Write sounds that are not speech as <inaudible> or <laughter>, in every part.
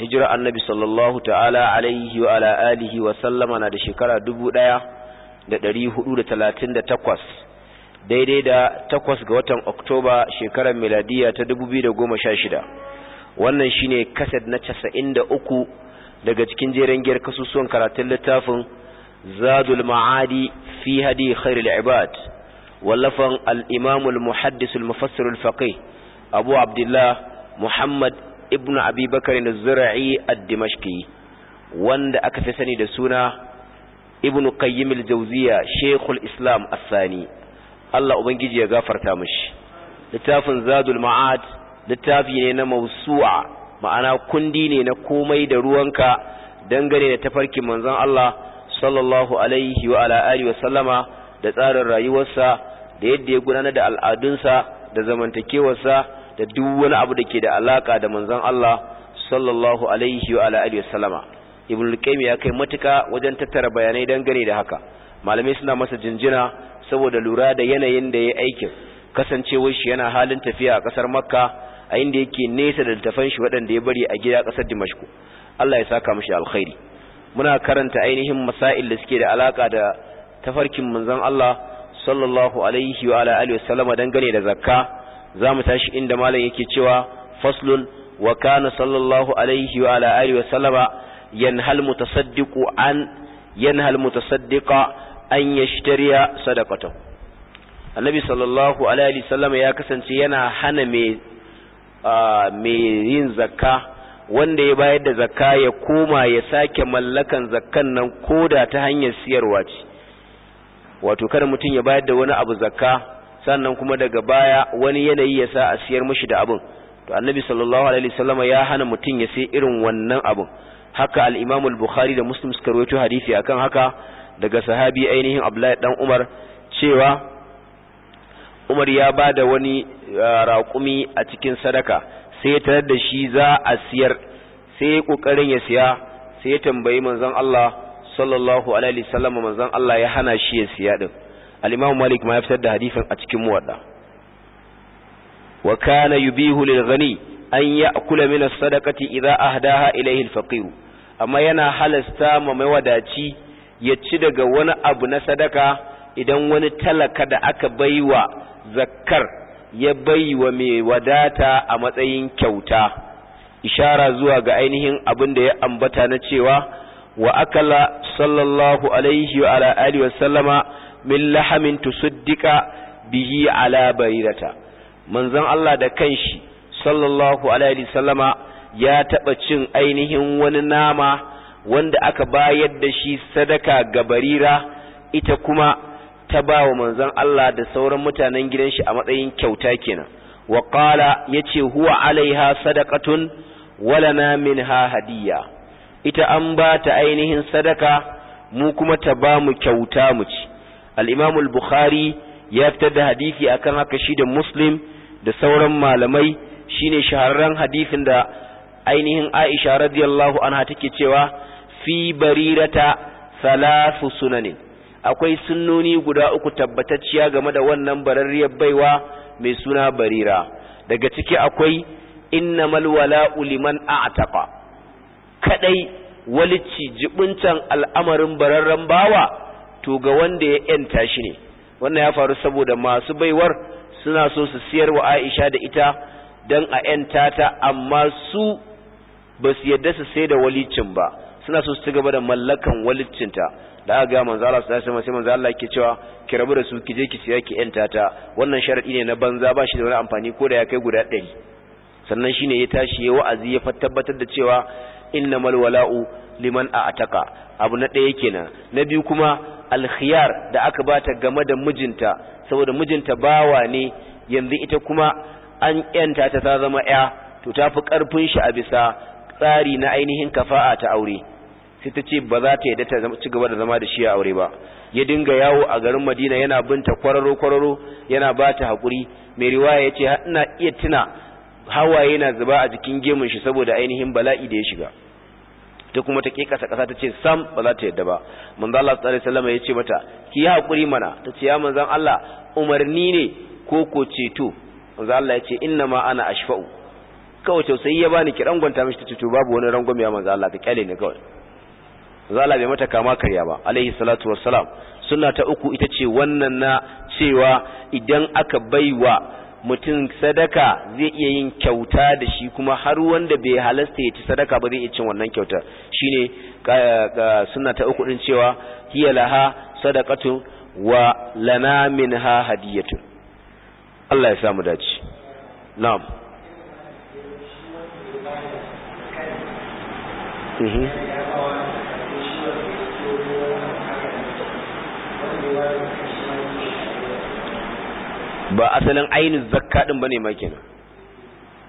hijira annabi sallallahu ta'ala alaihi wa ala alihi wa sallama na da shekara dubu ɗaya da ɗari hudu da talatin da takwas daidai da takwas ga watan oktoba shekarar miladiya ta dubu biyu da goma sha shida wannan shine kased na casa'in da uku daga cikin jeren giyar kasusuwan karatun littafin zadul ma'adi fi hadi khairul ibad wallafan al imamul muhaddis al-mufassir al-faqih abu abdullah muhammad ibn abi bakar da zura'i a dimashqi wanda aka fi sani da suna ibn qayyim al-jawziya shaykhul islam as-sani Allah ubangiji ya gafarta mishi littafin zadul ma'ad littafi ne na mawsu'a ma'ana kundi ne na komai da ruwanka dangane da tafarkin manzon Allah sallallahu alaihi wa ala alihi wa sallama da tsarin rayuwarsa da yadda ya gudanar da al'adunsa da zamantakewarsa da duk wani abu da ke da alaka da manzon Allah sallallahu alaihi wa alihi wasallama ibn al-qayyim ya kai matuka wajen tattara bayanai dangane da haka malamai suna masa jinjina saboda lura da yanayin da ya aikin kasancewar shi yana halin tafiya a kasar makka a inda yake nesa da tafan shi waɗanda ya bari a gida kasar dimashku Allah ya saka mishi alkhairi muna karanta ainihin masail da suke da alaka da tafarkin manzon Allah sallallahu alaihi wa alihi wasallama dangane da zakka za mu tashi inda malam yake cewa faslun wa kana sallallahu alaihi wa ala alihi wa sallama yanhal mutasaddiqu an yanhal mutasaddiqa an yashtariya sadaqata annabi sallallahu alaihi sallama ya kasance yana hana mai me yin zakka wanda ya bayar da zakka ya koma ya sake mallakan zakkan nan koda ta hanyar siyarwa ce wato kada mutum ya bayar da wani abu zakka sannan kuma daga baya wani yanayi ya sa a siyar mashi da abin to annabi sallallahu alaihi wasallama ya hana mutum ya sai irin wannan abin haka al-imam al-bukhari da muslim suka rawaito hadisi akan haka daga sahabi ainihin abdullahi dan umar cewa umar ya ba da wani eh, raƙumi a cikin sadaka sai tarar da shi za a siyar sai kokarin ya siya sai ya tambayi manzon Allah sallallahu alaihi wasallama manzon Allah ya hana shi ya siya din al malik ma ya fitar da hadisin a cikin muwadda wa kana yubihu lil gani an kula min sadakati idan a ahdaha ilayhi al amma yana halasta ma mawadaci ya ci daga wani abu na sadaka idan wani talaka da aka baiwa zakkar ya baiwa mai wadata a matsayin kyauta ishara zuwa ga ainihin abin da ya ambata na cewa wa akala sallallahu alaihi wa ala alihi wa sallama min lahamin tusuddika bihi ala bayrata manzon Allah da kanshi sallallahu alaihi sallama ya taɓa cin ainihin wani nama wanda aka bayar da shi sadaka ga barira ita kuma ta ba wa manzon Allah da sauran mutanen gidan shi a matsayin kyauta kenan wa qala yace huwa alaiha sadaqatun walana minha hadiyya ita an ba ta ainihin sadaka mu kuma ta ba mu kyauta mu ci al-imam al-bukhari ya fitar da hadisi akan haka shi da muslim da sauran malamai shine shahararren hadisin da ainihin aisha radiyallahu anha take cewa fi barirata salasu sunanin akwai sunnoni guda uku tabbatacciya game da wannan bararriyar baiwa mai suna barira daga ciki akwai innamal wala'u liman a'taqa kadai walici jibuntan al'amarin bararren bawa to ga wanda ya yanta shi ne wannan ya faru saboda masu baiwar suna so su siyar wa Aisha da ita dan a yanta ta amma su ba su yadda su sai da walicin ba suna so su gaba da mallakan walicinta da aka ga manzo Allah sai sai manzo Allah yake cewa ki rabu da su ki je ki siya ki yanta ta wannan sharadi ne na banza ba shi da wani amfani ko da ya kai guda 100 sannan shine ya tashi ya wa'azi ya fa tabbatar da cewa innamal wala'u liman a a'taka abu na ɗaya kenan na biyu kuma alkhiyar da aka bata game da mijinta saboda mijinta bawa ne yanzu ita kuma an yanta ta ta zama ya to ta fi karfin shi a bisa tsari na ainihin kafa'a ta aure sai ta ce ba za ta yadda ta ci gaba da zama da shi a aure ba ya dinga yawo a garin madina yana binta kwararo kwararo yana ba ta haƙuri mai riwaya ya ce ina iya tuna hawaye na zuba a jikin gemun shi saboda ainihin bala'i da ya shiga ta kuma ta kekasa kasa ta ce sam ba za ta yadda ba manzo Allah sallallahu alaihi wasallam ya ce mata ki yi hakuri mana ta ce ya manzo Allah umarni ne ko ko ceto manzo Allah ya ce inna ma ana ashfa'u kawai tausayi ya bani ki rangwanta mishi ta ce babu wani rangwame ya manzo Allah ta kyale ne kawai manzo Allah bai mata kama karya ba alaihi salatu wassalam sunna ta uku ita ce wannan na cewa idan aka baiwa mutum sadaka zai iya yin kyauta da shi kuma har wanda bai halasta ya ci sadaka ba zai iya cin wannan kyauta shine sunna ta uku din cewa hiya laha sadaqatu wa lana minha hadiyatu Allah ya samu dace na'am mhm ba asalin ainihin zakka ba ne ma kenan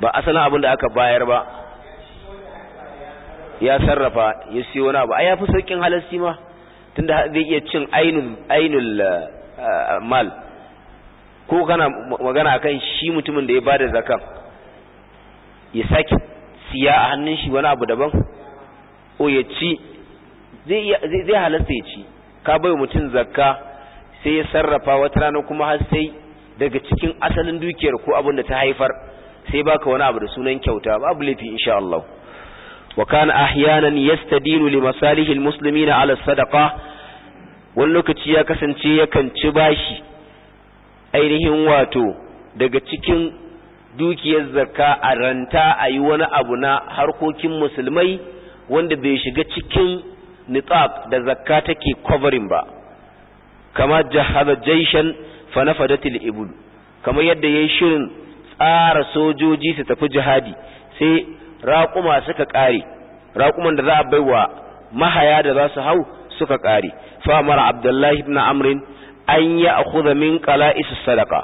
ba asalin abin da aka bayar ba ya sarrafa ya siyo na ba a ya fi saukin halassi ma tunda zai iya cin ainihin eh, mal ko kana magana akan shi mutumin da ya bada zakka ya sake siya a hannun shi wani abu daban o ya ci zai halasta ya ci ka bai mutum zakka sai ya sarrafa wata rana kuma har sai daga cikin asalin dukiyar ko abin da ta haifar sai baka wani abu da sunan kyauta babu laifi insha Allah wa kana ahyanan yastadinu li masalihil muslimina ala sadaqa wani lokaci ya kasance yakan ci bashi ainihin wato daga cikin dukiyar zakka a ranta a yi wani abu na harkokin musulmai wanda bai shiga cikin nitsaq da zakka take covering ba kama jahada jaishan fanafadati nafadatil ibul kamar yadda ya yi shirin tsara sojoji su tafi jihadi sai raƙuma suka ƙare raƙuman da za a baiwa mahaya da za su hau suka ƙare famar mara abdullahi ibn amrin an ya akhudha min qala'is sadaqa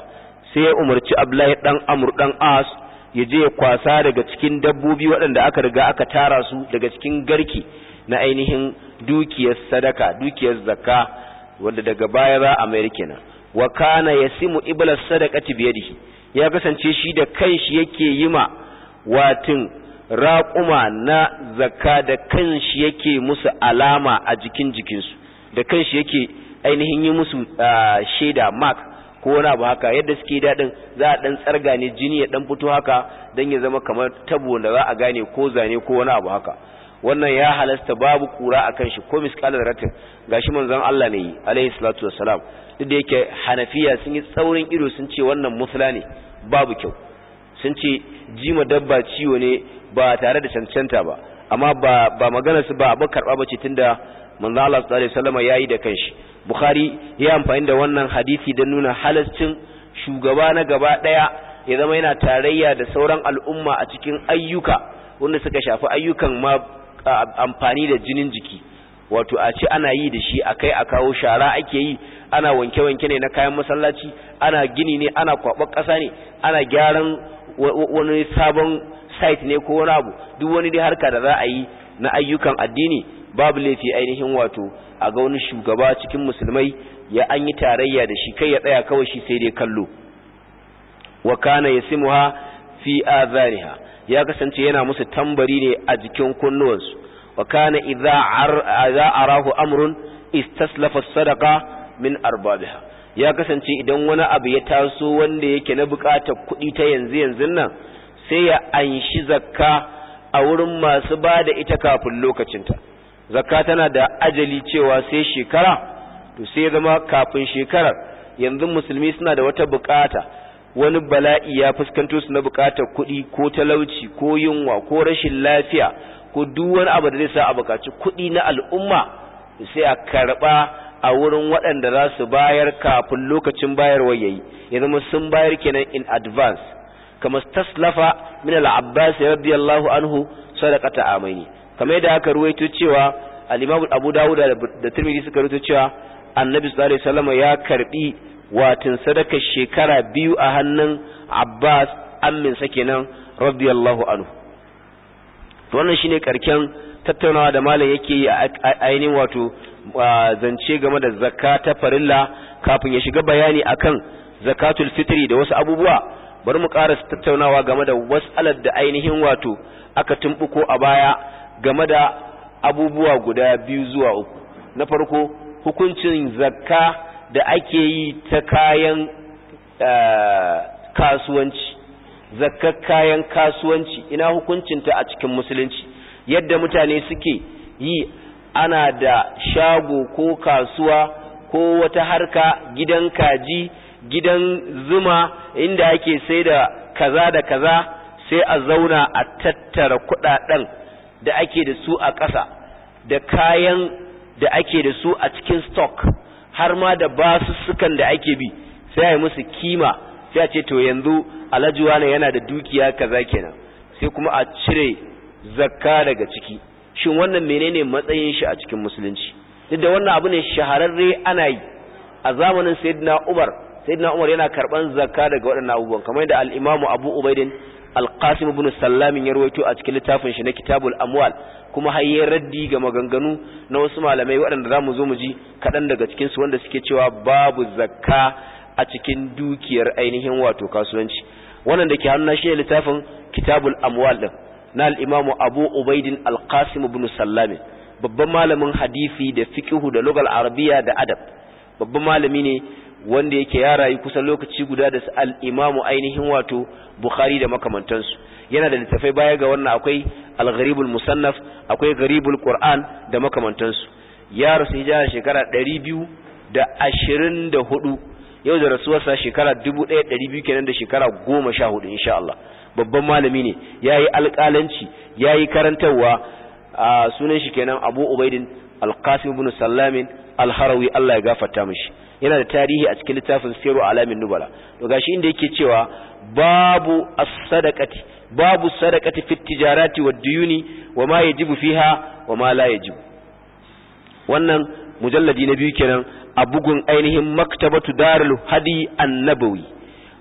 sai ya umarci abdullahi dan amr dan as ya je ya kwasa daga cikin dabbobi waɗanda aka riga aka tara su daga cikin garki na ainihin dukiyar sadaka dukiyar zakka wanda daga baya za a mayar kenan wa kana yasimu ibla sadaqati yadihi ya kasance shi da kanshi yake ma watin raƙuma na zakka da kanshi yake musu alama a jikin jikinsu da kanshi yake ainihin yi musu shaida mark ko wani abu haka yadda suke daɗin za a ɗan tsarga ne jini ya ɗan fito haka dan ya zama kamar tabo da za a gane ko zane ko wani abu haka wannan ya halasta babu kura kan shi ko miskalar ratin gashi manzon Allah ne alaihi salatu salam duk da yake hanafiya sun yi tsaurin ido sun ce wannan musla ne babu kyau sun ce jima dabba ciwo ne ba tare da cancanta ba amma ba ba magana su ba abu karba ce tunda manzan Allah sallallahu alaihi wasallam yayi da kanshi bukhari ya amfani da wannan hadisi don nuna halascin shugaba na gaba daya ya zama yana tarayya da sauran al'umma a cikin ayyuka wanda suka shafi ayyukan ma amfani da jinin jiki wato a ce ana yi da shi a kai a kawo shara ake yi ana wanke-wanke ne na kayan masallaci ana gini ne ana kwaɓar ƙasa ne ana gyaran wani sabon site ne ko wani abu duk wani dai harka da za a yi na ayyukan addini babu laifi ainihin wato a ga wani shugaba cikin musulmai ya an yi tarayya da shi kai ya tsaya kawai shi sai dai kallo wa kana yasimuha fi azariha ya kasance yana musu tambari ne a jikin kunnuwansu wa kana idza arahu amrun istaslafa sadaqa min arbabiha ya kasance idan wani abu ya taso wanda yake na bukatar kuɗi ta yanzu yanzu nan sai ya anshi zakka a wurin masu ba da ita kafin lokacinta zakka tana da ajali cewa sai shekara to sai zama kafin shekarar yanzu musulmi suna da wata bukata wani bala'i ya fuskanto su na bukatar kuɗi ko talauci ko yunwa ko rashin lafiya ko duk wani abu da zai sa a bukaci kuɗi na al'umma sai a karɓa a wurin waɗanda za su bayar kafin lokacin bayarwar yayi ya zama sun bayar kenan in advance kamar taslafa min al-abbas radiyallahu anhu sadaqata amaini kamar yadda aka ruwaito cewa al-imam abu dawud da tirmidhi suka ruwaito cewa annabi sallallahu alaihi wasallam ya karbi watin sadakar shekara biyu a hannun Abbas amminsa kenan radiyallahu anhu wannan shine karken tattaunawa da malam yake yi a ainihin wato zance game da zakka ta farilla kafin ya shiga bayani akan zakatul fitiri da wasu abubuwa bari mu ƙara tattaunawa game da wasalar da ainihin wato aka tumbuko a baya game da abubuwa guda biyu zuwa uku na farko hukuncin zakka da ake yi ta kayan eh, kasuwanci zakar kayan kasuwanci ina hukuncinta a cikin musulunci yadda mutane suke yi ana da shago ko kasuwa ko wata harka gidan kaji gidan zuma inda ake sai da kaza da kaza sai a zauna a tattara kudaden da ake da su a ƙasa da kayan da ake da su a cikin stock har ma da basussukan da ake bi sai a yi musu kima sai a ce to yanzu alhaji ne yana da dukiya kaza kenan sai kuma a cire zakka daga ciki shin wannan menene matsayin shi a cikin musulunci duk da wannan abu ne shahararre ana yi a zamanin sayyidina Umar sayyidina Umar yana karban zakka daga waɗannan abubuwan kamar da al-Imam Abu Ubaidin alqasim ibn sallamin ya rawaito a cikin littafin shi na kitabul amwal kuma har yayin raddi ga maganganu na wasu malamai waɗanda zamu zo mu ji kaɗan daga cikin su wanda suke cewa babu zakka a cikin dukiyar ainihin wato kasuwanci wannan da ke hannu shi ne littafin kitabul amwal din na al imam abu ubaidin al-qasim ibn sallamin babban malamin hadisi da fiqhu da lugal arabiya da adab babban malami ne wanda yake ya rayu kusan lokaci guda da al-imamu ainihin wato bukhari da makamantansu yana da littafai baya ga wannan akwai al-gharibul musannaf akwai gharibul qur'an da makamantansu ya rasu hijira shekara 224 yau da rasuwar sa shekara 1200 kenan da shekara 14 insha Allah babban malami ne yayi alƙalanci yayi karantawa sunan shi kenan Abu Ubaidin Al-Qasim ibn Sallamin Al-Harawi Allah ya gafarta mishi yana da tarihi a cikin littafin siru alamin nubala to gashi inda yake cewa babu as-sadaqati babu sadaqati fi tijarati wa duyuni wa ma yajibu fiha wa ma la yajibu wannan mujalladi na biyu kenan a bugun ainihin maktabatu darul hadi an-nabawi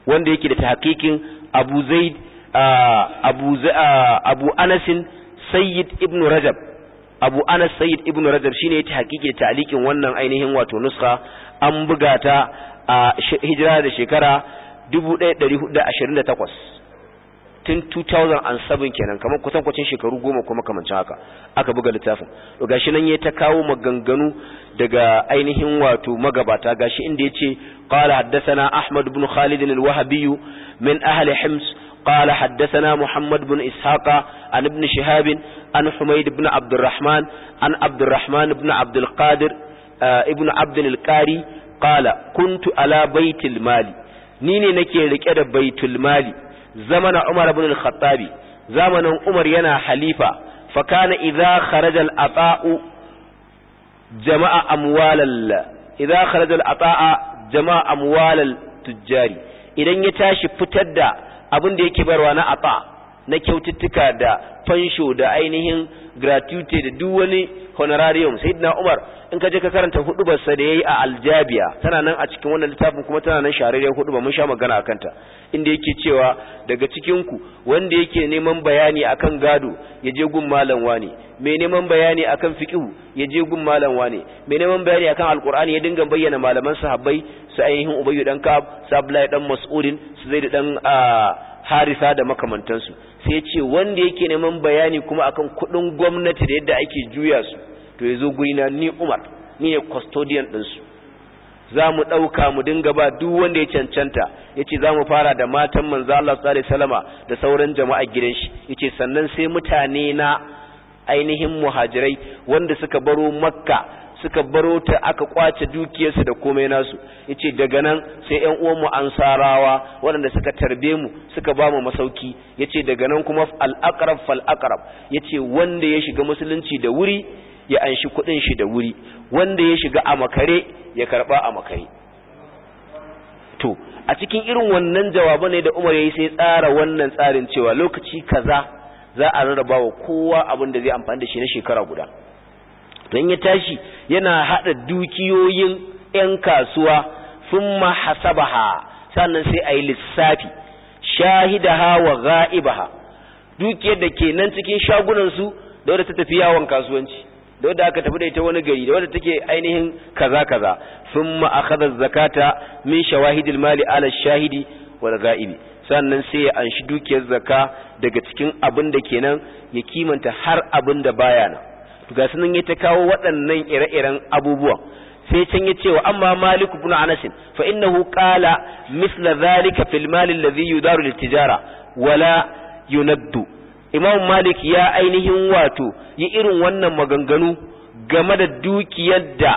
wanda yake da tahqiqin Abu Zaid Abu Abu Anas Sayyid Ibn Rajab Abu Anas Sayyid Ibn Rajab shine ya tahqiqi ta'liqin wannan ainihin wato nuskha an buga ta a hijira da shekara 1428 tun 2007 kenan kamar kusan kwacin shekaru goma kuma kamancin haka aka buga littafin gashi nan ya ta kawo maganganu daga ainihin wato magabata gashi inda ya ce قال ahmad أحمد khalid al الوهبي min ahli hims قال حدثنا محمد بن إسحاق عن ابن شهاب عن حميد بن عبد الرحمن عن عبد الرحمن بن عبد القادر ibn abdul qari qala kuntu ala baitil mali ni ne nake rike da baitul mali zamana umar ibn al-khattabi zamanin umar yana halifa fa kana idza kharaja al-ata'u jama'a amwalal idza kharaja al-ata'a jama'a amwalal tujjari idan ya tashi fitar da abin da yake barwa na ata na kyaututtuka da fansho da ainihin gratuity da duk wani honorarium sayyidina umar in ka je ka karanta sa da yayi a aljabiya tana nan a cikin wannan littafin kuma tana nan shararriyar hudubar mun sha magana akan ta inda yake cewa daga cikin ku wanda yake neman bayani akan gado ya je gun malam wani mai neman bayani akan fiqhu ya je gun malam wani mai neman bayani akan alqur'ani ya dinga bayyana malaman sahabbai su ainihin ubayyu dan ka'ab sablai dan mas'udin su zaid dan ah, harisa da makamantansu sai ya ce wanda yake neman bayani kuma akan kudin gwamnati da yadda ake juya su to ya zo gurina ni umar ni ne custodian ɗinsu za mu ɗauka mu dinga ba duk wanda ya cancanta ya ce za mu fara da matan Manzala Allah tsari salama da sauran jama'a gidan shi ya ce sannan sai mutane na ainihin muhajirai wanda suka baro makka suka baro ta aka kwace dukiyarsu da komai nasu yace daga nan sai ƴan uwanmu ansarawa waɗanda suka tarbe mu suka ba mu masauki yace daga nan kuma al-aqrab fal aqrab yace wanda ya shiga musulunci da wuri ya anshi kuɗin shi da wuri wanda ya shiga a makare ya karba a makare to a cikin irin wannan jawaban ne da Umar yayi sai tsara wannan tsarin cewa lokaci kaza za a rarraba wa kowa abin da zai amfani da shi na shekara guda don ya tashi yana haɗa dukiyoyin 'yan kasuwa sun hasabaha sannan sai a lissafi shahidaha wa dukiyar da ke nan cikin shagunansu da wadda ta tafi yawon kasuwanci da wadda aka tafi da ita wani gari da wadda take ainihin kaza kaza sun ma'akadar zakata min shawahidil mali ala shahidi wa ga'ibi sannan sai ya anshi dukiyar zaka daga cikin abin da kenan ya kimanta har abin da baya nan to ga sunan ya ta kawo waɗannan ire-iren abubuwa sai can ya ce wa amma malik ibn anas fa innahu qala misla zalika fil mal alladhi yudaru lit tijara wala yunaddu imam malik ya ainihin wato yi irin wannan maganganu game da dukiyar da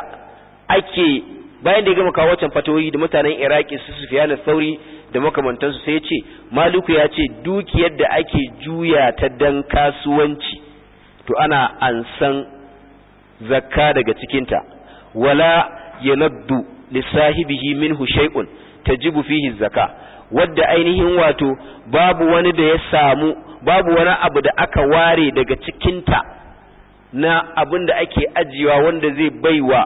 ake bayan da ya gama kawo wancan fatawoyi da mutanen iraki su sufyan sauri da makamantansu sai ya ce maliku ya ce dukiyar da ake juya ta dan kasuwanci to ana ansan zakka daga cikinta wala yanaddu lisahibihi minhu shay'un tajibu fihi zakka wadda ainihin wato babu wani da ya samu babu wani abu da aka ware daga cikinta na abin da ake ajiyewa wanda zai baiwa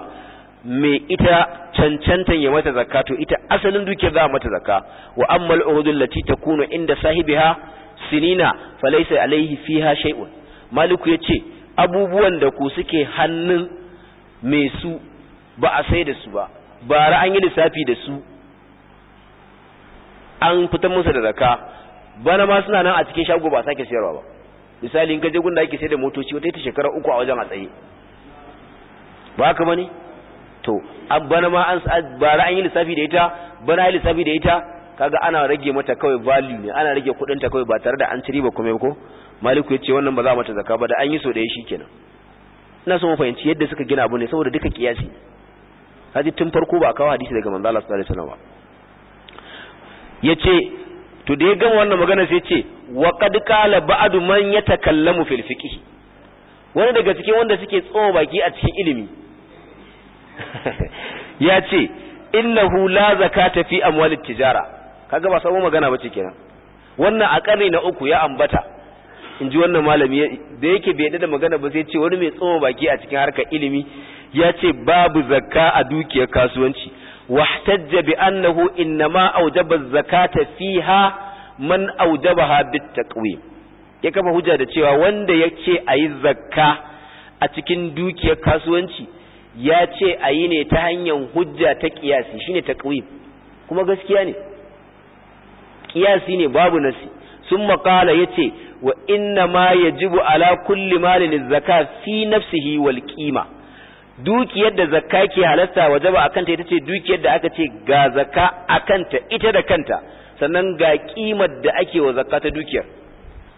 mai ita cancantan ya mata zakka to ita asalin duke za mata zakka wa ammal urudul lati takunu inda sahibiha sinina falaysa alayhi fiha shay'un maliku ya ce abubuwan da ku suke hannun mai su ba a sai da su ba ba an yi lissafi da su an fitar musu da zaka bana ma suna nan a cikin shago ba sake sayarwa ba misali in ka je gunda ake sai da motoci wata ita shekara uku a wajen a tsaye ba haka bane to bana ma an bara an yi lissafi da ita bana yi lissafi da ita kaga ana rage mata kawai value ne ana rage kudin ta kawai ba tare da an ciri ba kuma ko maliku ya ce wannan ba za a mata zaka ba da an yi so da ya kenan ina so mu fahimci yadda suka gina abu ne saboda duka kiyasi haji tun farko ba kawo hadisi daga manzala sallallahu alaihi wasallam ce to da ya gama wannan magana sai ce wa qad qala ba'du man yatakallamu fil fiqh wani daga cikin wanda suke tsoma baki a cikin ilimi <laughs> ya ce innahu la zakata fi amwalit tijara kaga ba sabon magana bace kenan wannan a karni na uku ya ambata in ji wannan malami da yake bai da magana ba sai ce wani mai tsoma baki a cikin harkar ilimi ya ce babu zakka a dukiyar kasuwanci wahtajja bi annahu innama aujaba zakata fiha man aujabaha bit taqwim ya kafa hujja da cewa wanda yace ayi zakka a cikin dukiyar kasuwanci ya ce ayi ne ta hanyar hujja ta kiyasi shine taqwim kuma gaskiya ne kiyasi ne babu nasi sun makala yace wa inna ma yajibu ala kulli malin zakka fi nafsihi wal qima dukiyar da zakka ke halasta wajaba akan ta ita ce dukiyar da aka ce ga zakka akan ta ita da kanta sannan ga kimar da ake wa zakka ta dukiyar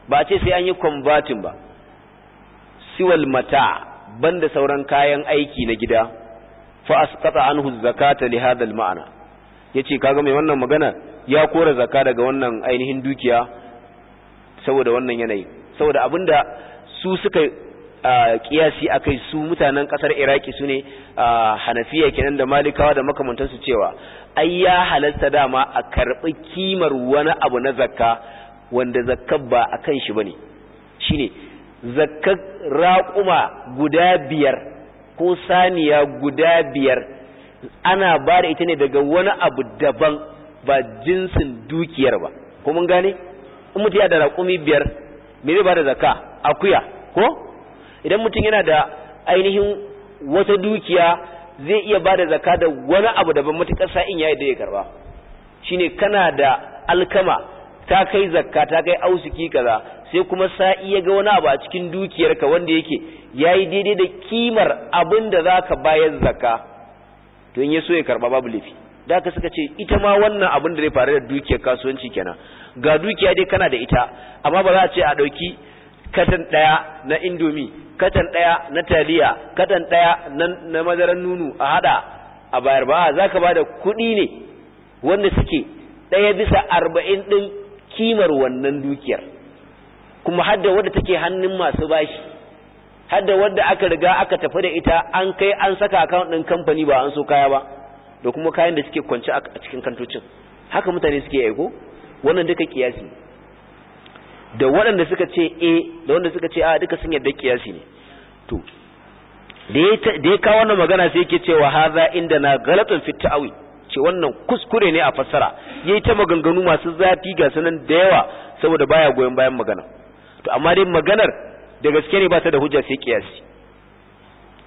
ba ce sai an yi converting ba siwal mata banda sauran kayan aiki na gida fa asqata anhu zakata li hadha al ma'ana yace kaga mai wannan magana ya kora zakka daga wannan ainihin dukiya saboda wannan yanayi saboda abinda su suka kiyasi akai su mutanen kasar iraki su ne hanafiya kenan da malikawa da makamantarsu cewa ai ya halatta dama a karɓi kimar wani abu na zakka wanda zakka ba a kan shi ba ne shi ne zakkar raƙuma guda biyar ko saniya guda biyar ana ba da ita ne daga wani abu daban ba jinsin dukiyar ba ko mun gane in mutum yana da raƙumi biyar me zai da zakka akuya ko idan mutum yana da ainihin wata dukiya zai iya bada zakka da wani abu daban matuƙar sa'in ya da ya karba shine kana da alkama ta kai zakka ta kai ausiki kaza sai kuma sa'i ya ga wani abu a cikin dukiyarka wanda yake yayi daidai da kimar abin da zaka bayar zakka to in ya so ya karba babu lafi da ka suka ce ita ma wannan abin da zai faru da dukiyar kasuwanci kenan ga dukiya dai kana da ita amma ba za a ce a ɗauki katan ɗaya na indomi katan ɗaya na taliya katan ɗaya na madaran nunu a haɗa a bayar ba za ka ba da kuɗi ne wanda suke ɗaya bisa arba'in ɗin kimar wannan dukiyar kuma hadda wadda take hannun masu bashi hadda wadda aka riga aka tafi da ita an kai an saka akawun ɗin kamfani ba an so kaya ba da kuma kayan da suke kwance a cikin kantocin haka mutane suke aiko wannan duka kiyasi eh, da waɗanda suka ce a da wanda suka ce a duka sun yadda kiyasi ne to da ya kawo wannan magana sai yake cewa haza inda na galatun fit awi ce wannan kuskure ne a fassara yayi ta maganganu masu zafi ga sanan da yawa saboda baya goyon bayan magana to amma dai maganar da gaske ne ba ta da hujja sai kiyasi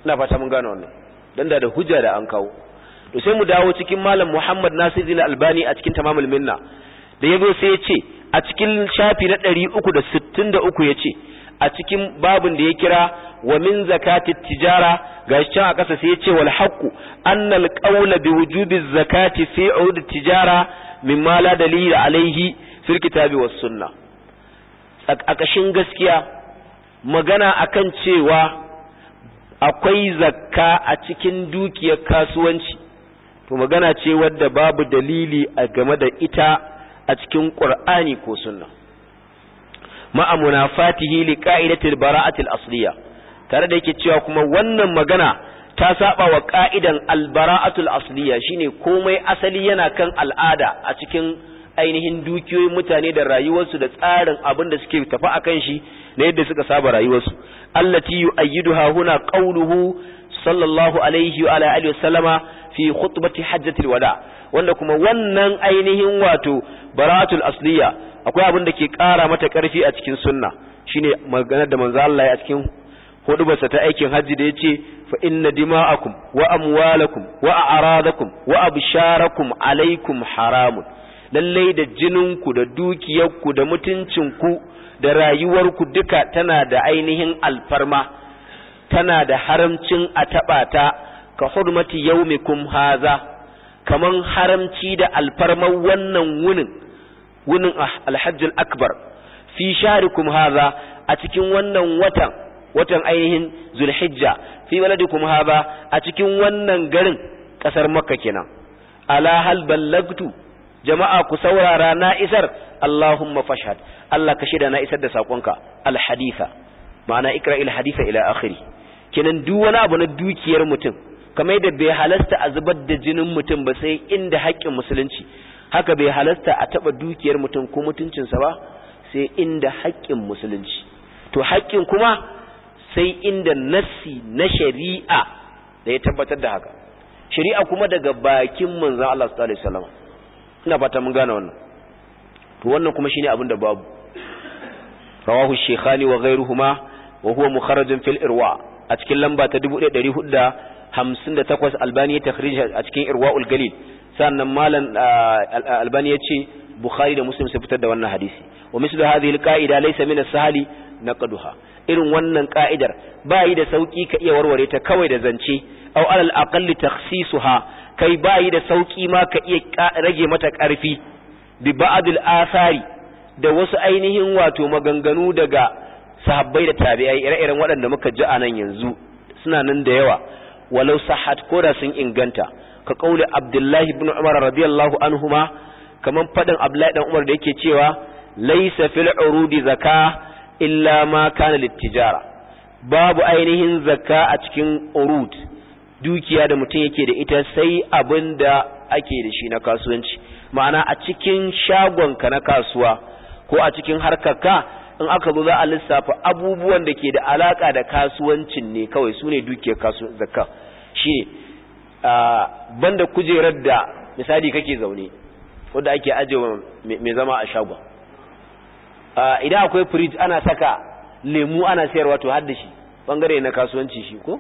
ina fata mun gane wannan dan da da hujja da an kawo to sai mu dawo cikin malam Muhammad Nasiruddin Albani a cikin tamamul minna da ya zo sai ya ce a cikin shafi na ɗari uku da sittin da uku ya ce a cikin babin da ya kira wa min zakati tijara ga can a ƙasa sai ya ce wal an annal qawla bi wujubi zakati fi ud tijara ma la dalila alaihi fil kitabi was sunna a ƙashin gaskiya magana akan cewa akwai zakka a cikin dukiyar kasuwanci to magana ce wadda babu dalili a game da ita a cikin ƙur'ani ko sunna ma'a munafatihi li qa'idatil bara'atil asliya tare da yake cewa kuma wannan magana ta saba wa ka'idan albara'atul asliya shine komai asali yana kan al'ada a cikin ainihin dukiyoyin mutane da rayuwarsu da tsarin abin da suke tafi akan shi na yadda suka saba rayuwarsu allati yu'ayyiduha huna qawluhu sallallahu alaihi wa alihi wasallama fi khutbati hajjatul wada wanda kuma wannan ainihin wato baratul asliya akwai abin da ke kara mata karfi a cikin sunna shine maganar da manzo Allah ya cikin hudubarsa ta aikin hajji da yace fa inna dima'akum wa amwalakum wa a'radakum wa absharakum alaikum haramun lallai da jininku da dukiyarku da mutuncinku da rayuwarku duka tana da ainihin alfarma tana da haramcin a taɓa ta ka hurmati yaumikum haza kaman haramci da alfarmar wannan wunin wunin ah, alhajjul akbar fi shahrikum haza a cikin wannan watan watan ainihin zulhijja fi baladikum haza a cikin wannan garin kasar makka kenan ala hal ballagtu jama'a ku saurara na isar allahumma fashhad allah ka shida na isar da saƙonka alhaditha ma'ana il hadisa ila akhiri kenan duk wani abu na dukiyar mutum kamar yadda bai halasta a zubar da jinin mutum ba sai inda haƙƙin musulunci haka bai halasta a taba dukiyar mutum ko mutuncinsa ba sai inda haƙƙin musulunci to haƙƙin kuma sai inda nassi na shari'a da ya tabbatar da haka shari'a kuma daga bakin manzo Allah sallallahu alaihi wasallam ina fata mun gane wannan to wannan kuma shine abin da babu rawahu shaykhani wa ghayruhuma wa huwa mukharrajun fil irwa a cikin lamba ta 1458 albani ya takhrij a cikin irwaul galil sannan malam albani ya ce da muslim sun fitar da wannan hadisi wa mislu hadhihi alqaida laysa min as-sahli naqduha irin wannan ka'idar ba yi da sauƙi ka iya warware ta kawai da zance aw alal taksisu ha kai ba yi da sauƙi ma ka iya rage mata karfi bi ba'dil da wasu ainihin wato maganganu daga sahabbai da tabi'ai ire-iren waɗanda muka ji a nan yanzu suna nan da yawa walau sahat ko da sun inganta ka kauli abdullahi ibn umar radiyallahu anhuma Kamar faɗin abdullahi dan umar da yake cewa laysa fil urudi zaka illa ma kana littijara babu ainihin zakka a cikin urud dukiya da mutum yake da ita sai abin da ake da shi na kasuwanci ma'ana a cikin shagonka na kasuwa ko a cikin harkar ka. in aka zo za a lissafa abubuwan da ke da alaka da kasuwancin ne kawai su ne dukiyar zakka shi banda kujerar da misali kake zaune wadda ake ajewa mai zama a shagon idan akwai firij ana saka lemu ana sayarwa to har da shi bangare na kasuwanci shi ko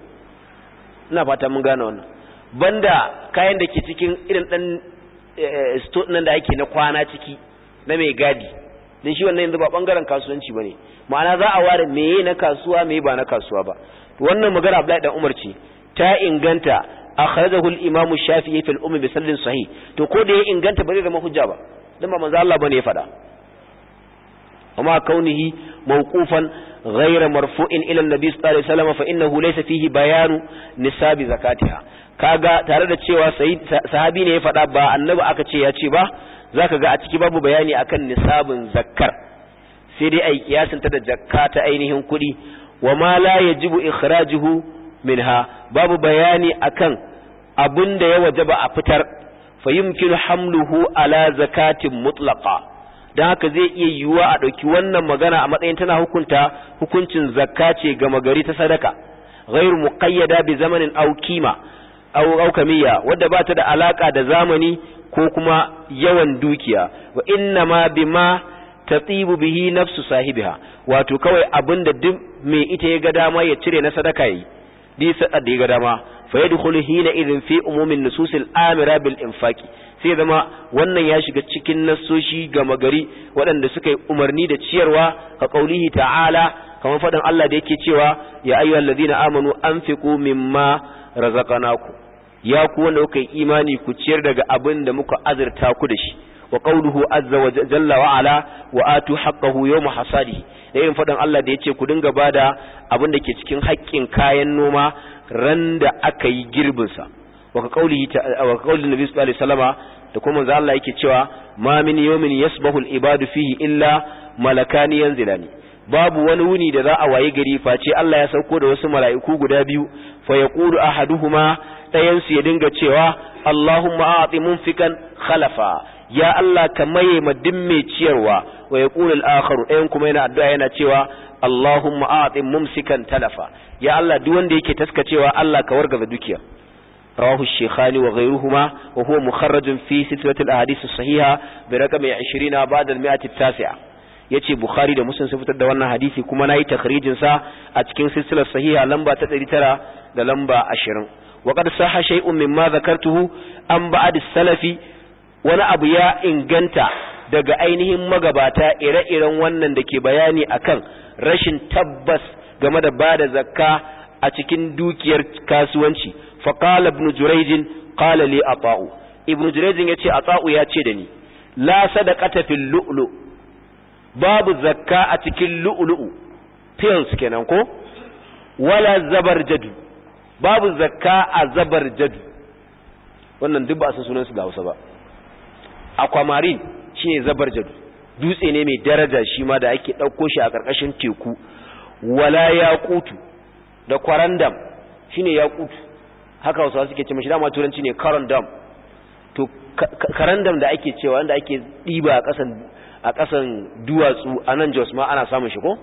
ina fata mun gane wannan banda kayan da ke cikin irin dan eh, eh, nan da ake na kwana ciki na mai gadi dan shi wannan yanzu ba bangaren kasuwanci bane ma'ana za a ware meye na kasuwa meye ba na kasuwa ba wannan magana Abdullahi dan Umar ce ta inganta akhrajahu al-Imam Shafi'i fil Umm bi sanadin sahih to ko da ya inganta ba zai mahujja ba dan ba manzo Allah bane ya faɗa amma kaunihi mawqufan ghayra marfu'in ila an-nabi sallallahu alaihi wasallam fa innahu laysa fihi bayanu nisabi zakatiha kaga tare da cewa sahabi ne ya faɗa ba annabi aka ce ya ce ba Za ka ga a ciki babu bayani akan nisabin zakkar sai dai a yi ta da jakka ta ainihin kuɗi wa ma la jihu min ha babu bayani akan abin da ya ba a fitar fa yumkinu hamluhu ala zakatin mutlaqa dan haka zai iya yiwuwa a ɗauki wannan magana a matsayin tana hukunta hukuncin zakka ce gama gari ta sadaka ghairu muqayyada bi zamanin aw kima aw wadda ba ta da alaka da zamani ko kuma yawan dukiya wa inna ma bima tatibu bihi nafsu sahibiha wato kawai abin da duk mai ita ya ga dama ya cire na sadaka yi bi sadar da ya ga dama fa yadkhulu hina idhin fi umumin nususil amira bil infaki sai zama wannan ya shiga cikin nassoshi gama gari waɗanda suka yi umarni da ciyarwa ka qaulihi ta'ala kamar faɗin Allah da yake cewa ya ayyuhallazina amanu anfiqu mimma razaqnakum ya ku wanda kuka yi imani ku ciyar daga abin da muka azurta ku da shi wa qauluhu azza wa jalla wa ala wa atu haqqahu yawma hasadi da irin fadan Allah da yace ku dinga bada abin da ke cikin haƙƙin kayan noma ran da aka yi girbin sa wa ka wa qauli nabi sallallahu alaihi wasallama da kuma manzo Allah yake cewa ma min yawmin yasbahu al-ibadu fihi illa malakani yanzilani babu wani wuni da za a waye gari face Allah ya sauko da wasu mala'iku guda biyu fa yaqulu ahaduhuma ɗayansu ya dinga cewa Allahumma a'ti munfikan khalafa ya Allah ka maye ma duk ciyarwa wa ya al-akharu ɗayan kuma yana addu'a yana cewa Allahumma a'ti mumsikan talafa ya Allah duk wanda yake taskacewa Allah ka wargaza dukiya rawahu shaykhani wa ghayruhuma wa huwa mukharrajun fi silsilati al-ahadith as-sahiha bi raqami 20 ba'da al-mi'ati at-tasi'a yace bukhari da muslim sun fitar da wannan hadisi kuma nayi takhrijin sa a cikin silsilar sahiha lamba ta 900 da lamba 20 وقد صح شيء مما ذكرته zakartuhu an السلف salafi wani abu ya inganta daga ainihin magabata ire-iren wannan da ke bayani akan rashin tabbas game da bada zakka a cikin dukiyar kasuwanci fa qala ibn jurayj qala li ata'u ibn jurayj yace ata'u ya ce da ni la sadaqata fil lu'lu babu zakka a cikin lu'lu'u pills kenan ko wala zabarjadu babu zakka a zabar jadu wannan duk ba a san sunansu ga Hausa ba Akwamarin shine zabar jadu dutse ne mai daraja shi ma da ake ɗauko shi a ƙarƙashin teku wala yaqutu da kwarandam shine yaqutu haka Hausawa suke cewa shi dama turanci ne quarandam to quarandam da ake cewa wanda ake diba a ƙasan a ƙasan duwatsu a nan Jos ma ana samun shi ko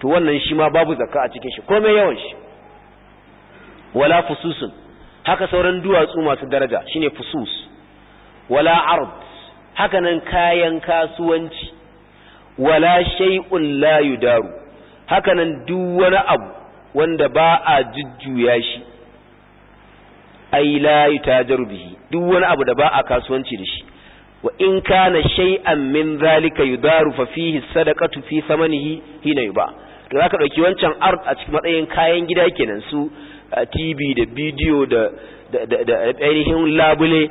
to wannan shi ma babu zakka a cikin shi komai yawan shi wala fususun haka sauran duwatsu masu daraja shine fusus wala ard haka nan kayan kasuwanci wala shay'un la yudaru haka nan duk wani abu wanda ba a jujjuya shi ai la yutajaru bihi duk wani abu da ba a kasuwanci da shi wa in kana shay'an min zalika yudaru fa fihi sadaqatu fi thamanihi hina yuba to zaka dauki wancan ard a cikin matsayin kayan gida kenan su A tv da bidiyo da ainihin labule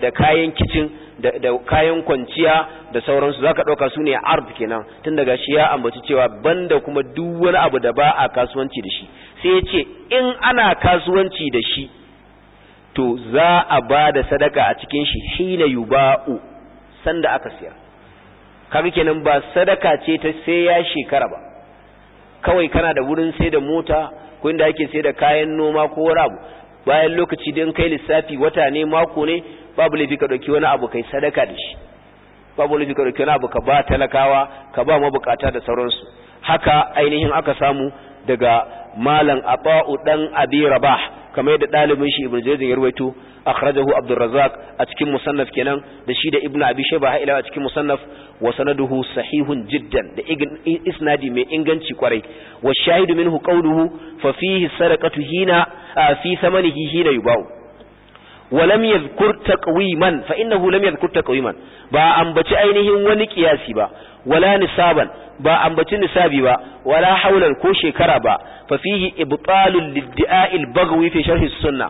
da kayan kicin da kayan kwanciya da sauransu za ka ɗauka su ne arb kenan tun daga shi ya ambaci cewa banda kuma duk wani abu da ba a kasuwanci da shi sai ya ce in ana kasuwanci da shi to za a ba da sadaka a cikin shi hina yuba'u sanda aka siya kaga kenan ba sadaka ce ta sai ya shekara ba kawai kana da wurin sai da mota ko inda ake sai da kayan noma ko wani abu bayan lokaci din kai lissafi wata ne mako ne babu laifi ka dauki wani abu kai sadaka da shi babu laifi ka dauki wani abu ka ba talakawa ka ba mabukata da sauransu haka ainihin aka samu daga malam aba'u dan abi rabah kamar yadda dalibin shi ibnu jarir ya rawaito akhrajahu abdur razzaq a cikin musannaf kenan da shi da ibnu abi shayba ha ila a cikin musannaf wa sanaduhu sahihun jiddan da isnadi mai inganci kwarai wa shahidu minhu qawluhu fa fihi sadaqatu hina fi thamanihi hina yubau wa lam yadhkur taqwiman fa innahu lam yadhkur taqwiman ba ambaci ainihin wani kiyasi ba wala nisaban ba ambaci nisabi ba wala haular ko shekara ba fa fihi ibtalul lidda'i bagawi fi sharhi sunna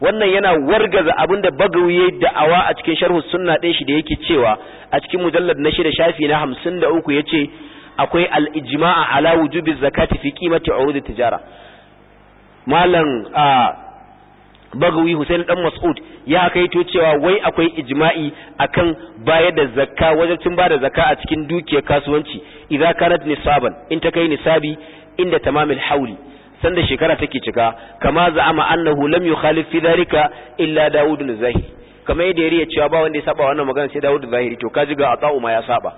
wannan yana wargaza abinda bagawi ya da'awa a cikin sharhi sunna ɗaya shi da yake cewa a cikin mujallad na shida shafi na 53 yace akwai al-ijma'a ala wujubi zakati fi qimati 'urud tijara malam bagawi Hussein dan Mas'ud ya kaito cewa wai akwai ijma'i akan bayar da zakka wajibcin ba da zakka a cikin dukiyar kasuwanci idza kanat nisaban in ta kai nisabi inda tamamil hauli sanda shekara take cika kama za'ama annahu lam yukhalif fi dhalika illa Dawud al-Zahiri yadda yariya cewa ba wanda ya saba wannan magana sai Dawud zahiri to kaji ga Ata'u ma ya saba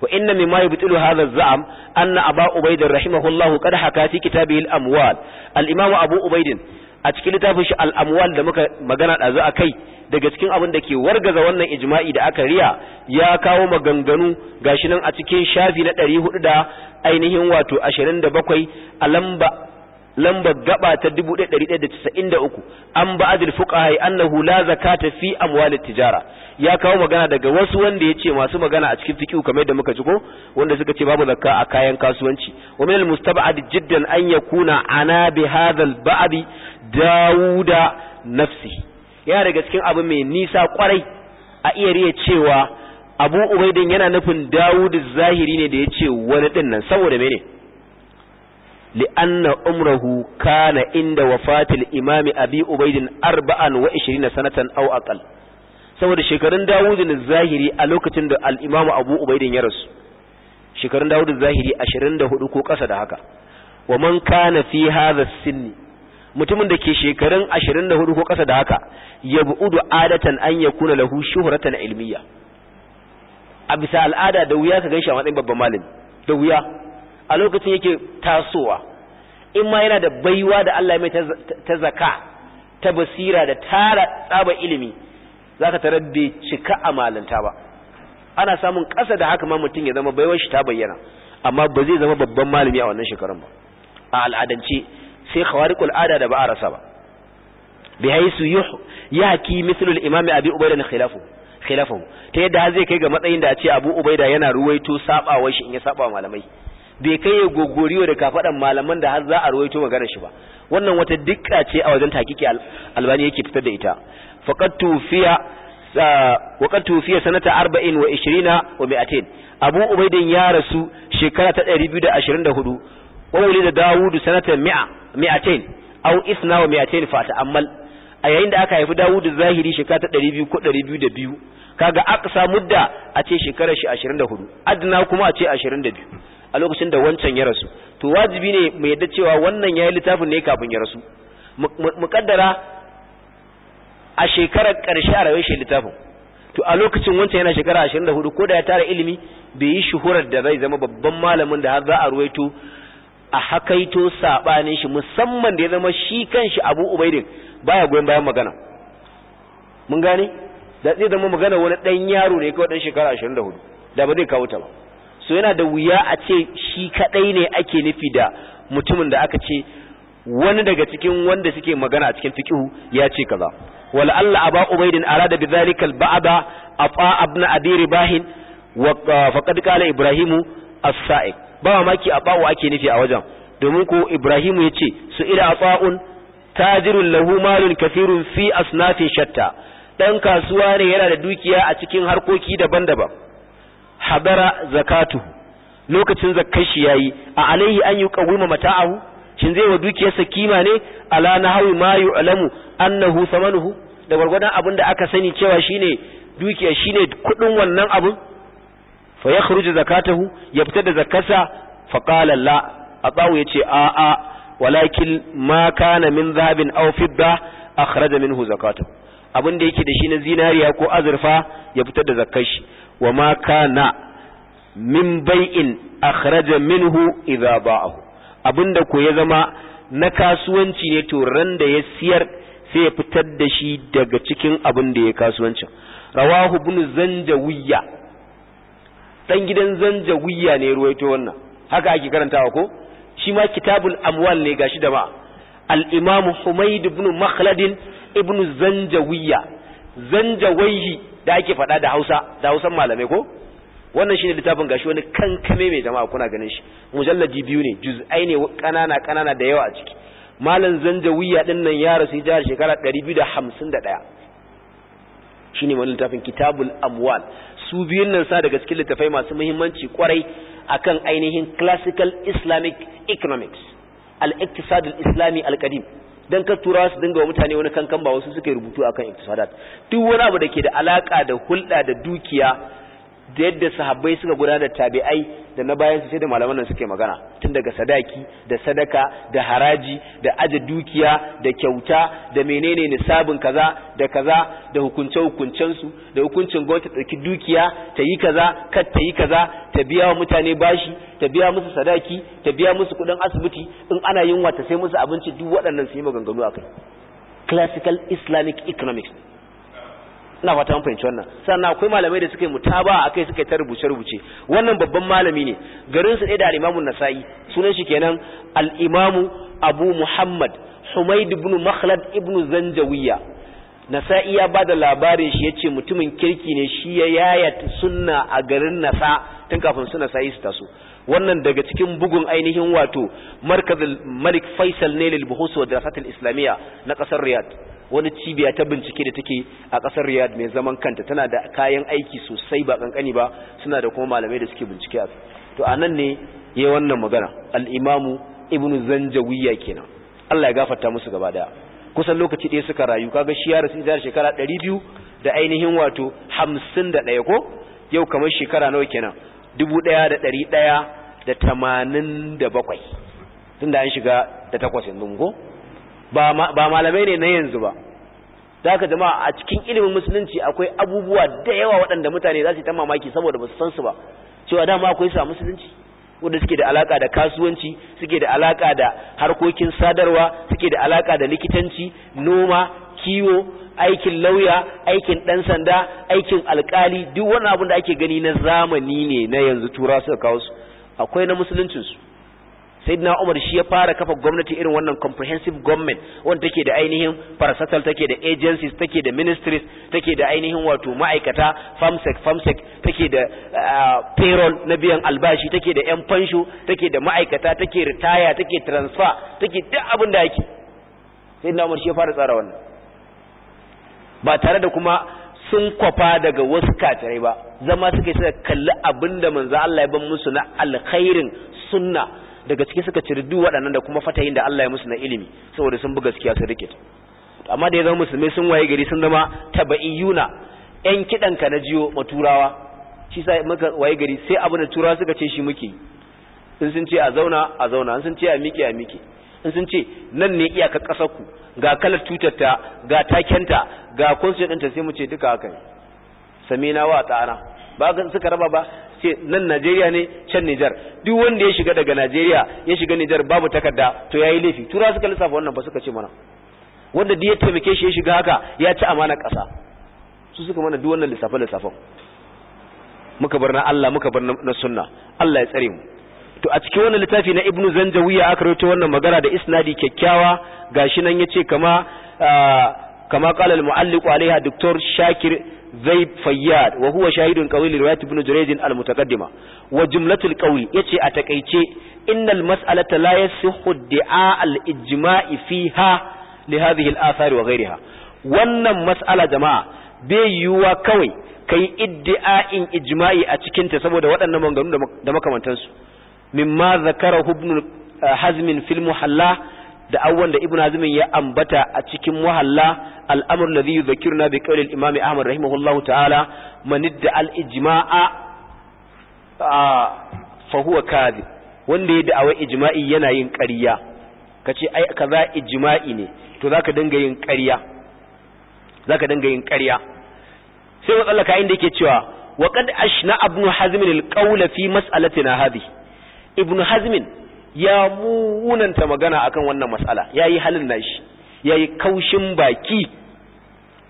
wa inna mimma yubtilu hadha az-za'm anna Aba Ubayd rahimahullahu qad haka fi kitabihi al-amwal al-Imam Abu ubaidin a cikin littafin shi al'amwal da muka magana ɗazu a kai daga cikin abin da ke wargaza wannan ijma'i da aka riya ya kawo maganganu gashi nan a cikin shafi na ɗari hudu da ainihin wato ashirin da bakwai a lamba lamba gaba ta dubu ɗaya ɗari ɗaya da casa'in da uku an ba adil fuqahai annahu la zakata fi amwal tijara ya kawo magana daga wasu wanda ya ce masu magana a cikin fiqh kamar yadda muka ji ko wanda suka ce babu zakka a kayan kasuwanci wa min al mustab'ad jiddan an yakuna ana bi hadha al dawuda nafsi yana daga cikin abu mai nisa kwarai a iya riya cewa abu ubaidin yana nufin dawudu zahiri ne da ya ce wani dinnan saboda mene li'anna umrahu kana inda wafatil imami abi ubaidin arba'an wa ishirina sanatan au aqal saboda shekarun dawudu zahiri a lokacin da al'imamu abu ubaidin ya rasu shekarun dawudu zahiri ashirin da hudu ko ƙasa da haka wa man kana fi hadha sinni mutumin da ke shekarun 24 ko kasa da haka ya bu'udu adatan an ya kuna lahu shuhratan ilmiya a bisa al'ada da wuya ka gan shi a matsayin babban malami da wuya a lokacin yake tasowa in ma yana da baiwa da Allah mai ta zaka ta basira da tara tsaba ilimi za ka tarar da cika a malanta ba ana samun ƙasa da haka ma mutum ya zama baiwar shi ta bayyana amma ba zai zama babban malami a wannan shekarun ba a al'adance sai khawariqul ada da ba a rasa ba ya ki mithlu al-imam abi ubayda khilafu khilafu ta yadda zai kai ga matsayin da a ce abu ubayda yana ruwaito sabawar shi in ya saba malamai bai kai ya gogoriyo da kafadan malaman da har za a ruwaito maganar shi ba wannan wata dukka ce a wajen tahqiqi albani yake fitar da ita faqat tufiya waqad tufiya sanata 24 wa 200 abu ubaidin ya rasu shekara ta 224 wa da dawudu sanata mi'a mi'atain aw isna wa mi'atain fa ta'ammal a yayin da aka haifi dawudu zahiri shekara ta 200 ko 202 kaga aqsa mudda a ce shekarar shi 24 adna kuma a ce 22 a lokacin da wancan ya rasu to wajibi ne mu yadda cewa wannan yayi littafin ne kafin ya rasu muqaddara a shekarar karshe a rayuwar shi littafin to a lokacin wancan yana shekara 24 ko da ya tara ilimi bai yi shuhurar da zai zama babban malamin da har za a ruwaito a hakaito sabanin shi musamman da ya zama shi kanshi Abu Ubaidin baya goyon bayan magana mun gane da zai zama magana wani ɗan yaro ne kawai dan shekara 24 da ba zai kawo ta ba so yana da wuya a ce shi kadai ne ake nufi da mutumin da aka ce wani daga cikin wanda suke magana a cikin fiƙihu ya ce kaza wala alla aba ubaidin arada zalikal ba'da afa abna adiri Bahin, wa faqad qala ibrahimu as-sa'iq ba mamaki a bawo ake nufi a wajen domin ko Ibrahim ya ce su ila afa'un tajirun lahu malun kafirun fi asnafin shatta Ɗan kasuwa ne yana da dukiya a cikin harkoki daban-daban hadara zakatu lokacin zakkar shi yayi a alaihi an yi yuqawwima mata'ahu shin zai wa dukiyarsa kima ne ala hau ma yu'lamu annahu samanuhu da gwargwadon abin da aka sani cewa shine dukiya shine kudin wannan abun fa yakhruju zakatahu ya fitar da zakarsa fa qala la atawu yace a a walakin ma kana min zahabin aw fidda akhraja minhu zakatahu abin da yake da shi na zinariya ko azurfa ya fitar da zakashi. wa ma kana min bai'in akhraja minhu idza ba'ahu abinda ko ya zama na kasuwanci ne to ran da ya siyar sai ya fitar da shi daga cikin abin da ya kasuwancin rawahu ibn zanjawiyya dan gidan zanjawiya ne ruwaito wannan haka ake karantawa ko shi ma kitabul amwal ne gashi da ma al-imam humayd ibn makhlad ibn zanjawiya zanjawaihi da ake faɗa da Hausa da Hausan malamai ko wannan shine littafin gashi wani kankame mai jama'a kuna ganin shi mujalladi biyu ne juz'ai ne kanana kanana da yawa a ciki malam zanjawiya din nan ya rasu jihar shekara 251 shine wannan littafin kitabul amwal su biyun nan sa daga cikin littafai masu muhimmanci kwarai akan ainihin classical islamic economics al-iqtisad al-islami al-qadim dan ka tura su dinga mutane wani kankan ba wasu suka rubutu akan iqtisadat duk wani abu da ke da alaka da hulɗa da dukiya da yadda sahabbai suka gudanar da tabi'ai da na bayan su sai da malaman nan suke magana tun daga sadaki da sadaka da haraji da aje dukiya da kyauta da menene nisabin kaza da kaza da hukunce hukuncen su da hukuncin gwamnati ta dauki dukiya ta yi kaza kar ta yi kaza ta biya wa mutane bashi ta biya musu sadaki ta biya musu kudin asibiti in ana yunwa ta sai musu abinci duk waɗannan su yi maganganu akai classical islamic economics ina fata mun fahimci wannan sannan akwai malamai da suka yi mutaba akai suka yi ta rubuce rubuce wannan babban malami ne garin su ne da al-Imam nasai sunan shi kenan al imamu Abu Muhammad Humayd ibn Makhlad ibn Zanjawiya Nasa'i ya bada labarin shi yace mutumin kirki ne shi ya yayata sunna a garin Nasa tun kafin su Nasa'i su taso wannan daga cikin bugun ainihin wato markazin Malik Faisal ne lil buhus wa dirasat islamiyya na kasar Riyadh wani cibiya ta bincike da take a ƙasar riyadh mai zaman kanta tana da kayan aiki sosai ba kankani ba suna da kuma malamai da suke bincike a to a nan ne ya yi wannan magana al'imamu ibn zanjawiya kenan allah ya gafarta musu gaba daya kusan lokaci ɗaya suka rayu kaga shi ya rasu ita shekara ɗari biyu da ainihin wato hamsin da ɗaya ko yau kamar shekara nawa kenan dubu ɗaya da ɗari ɗaya da tamanin da bakwai tun da an shiga da takwas yanzu ko ba malamai ne na yanzu ba da haka jama'a a cikin ilimin musulunci akwai abubuwa da yawa waɗanda mutane za su ta mamaki saboda ba su san su ba cewa dama akwai su a musulunci wanda suke da alaka da kasuwanci suke da alaka da harkokin sadarwa suke da alaka da likitanci noma kiwo aikin lauya aikin ɗan sanda aikin alkali duk wani abin da ake gani na zamani ne na yanzu tura suka kawo su akwai na musuluncinsu sayyidina Umar shi ya fara kafa gwamnati irin wannan comprehensive government wanda take da ainihin parastatal take da agencies take da ministries take da ainihin wato ma'aikata famsec famsec take da ah, payroll na biyan albashi take da yan fansho take da ma'aikata take retire take transfer take duk abin da yake sayyidina Umar shi ya fara tsara wannan ba tare da kuma sun kwafa daga wasu katarai ba zama suka yi suka kalli abinda manzo Allah ya ban musu na alkhairin sunna daga ciki suka ciri duk waɗannan da kuma fatayin da Allah ya musu na ilimi saboda sun bi gaskiya sun rike amma da ya zama musulmi sun waye gari sun zama taba'iyuna ƴan kidan ka na jiyo maturawa shi sai muka waye gari sai abu da turawa suka ce shi muke in sun ce a zauna a zauna in sun ce a miƙe a miƙe in sun ce nan ne iyaka ƙasar ku ga kalar tutarta ga takenta ga kunsu ɗinta sai mu ce duka haka ne samina wa ta'ana ba suka raba ba ce nan Najeriya ne can Nijar duk wanda ya shiga daga Najeriya ya shiga Nijar babu takarda to yayi laifi tura suka lissafa wannan ba suka ce mana wanda duk ya taimake shi ya shiga haka ya ci amana ƙasa su suka mana duk wannan lissafa lissafa muka bar na Allah muka bar na sunna Allah ya tsare mu to a cikin wannan littafi na Ibn Zanjawiya aka rawaito wannan magana da isnadi kyakkyawa gashi nan yace kama ah, kama qala al-mu'alliq alaiha Dr. Shakir zai fayyad wa huwa shahidun qawli riwayat ibn jurayj al mutaqaddima wa jumlatul qawli yace a takeice innal mas'alata la yasihhu di'a al ijma'i fiha li hadhihi al athari wa ghayriha wannan mas'ala jama'a bai yiwuwa kawai kai iddi'a'in ijma'i a cikin ta saboda waɗannan manganu da makamantansu mimma zakara ibn hazm fil muhalla da awwan da ibnu hazmin ya ambata a cikin muhalla al'amur amr alladhi yudhakkiruna bi qawli al-imam ahmad rahimahullahu ta'ala man idda al-ijma'a fa huwa kadhib wanda ya da'awa ijma'i yana yin ƙarya kace ai kaza ijma'i ne to zaka dinga yin ƙarya zaka dinga yin ƙarya sai wa matsalaka inda yake cewa wa qad ashna ibnu hazmin al-qawla fi mas'alatina hadhihi ibnu hazmin ya munanta magana akan wannan matsala Ya yi halin nashi yayi kaushin baki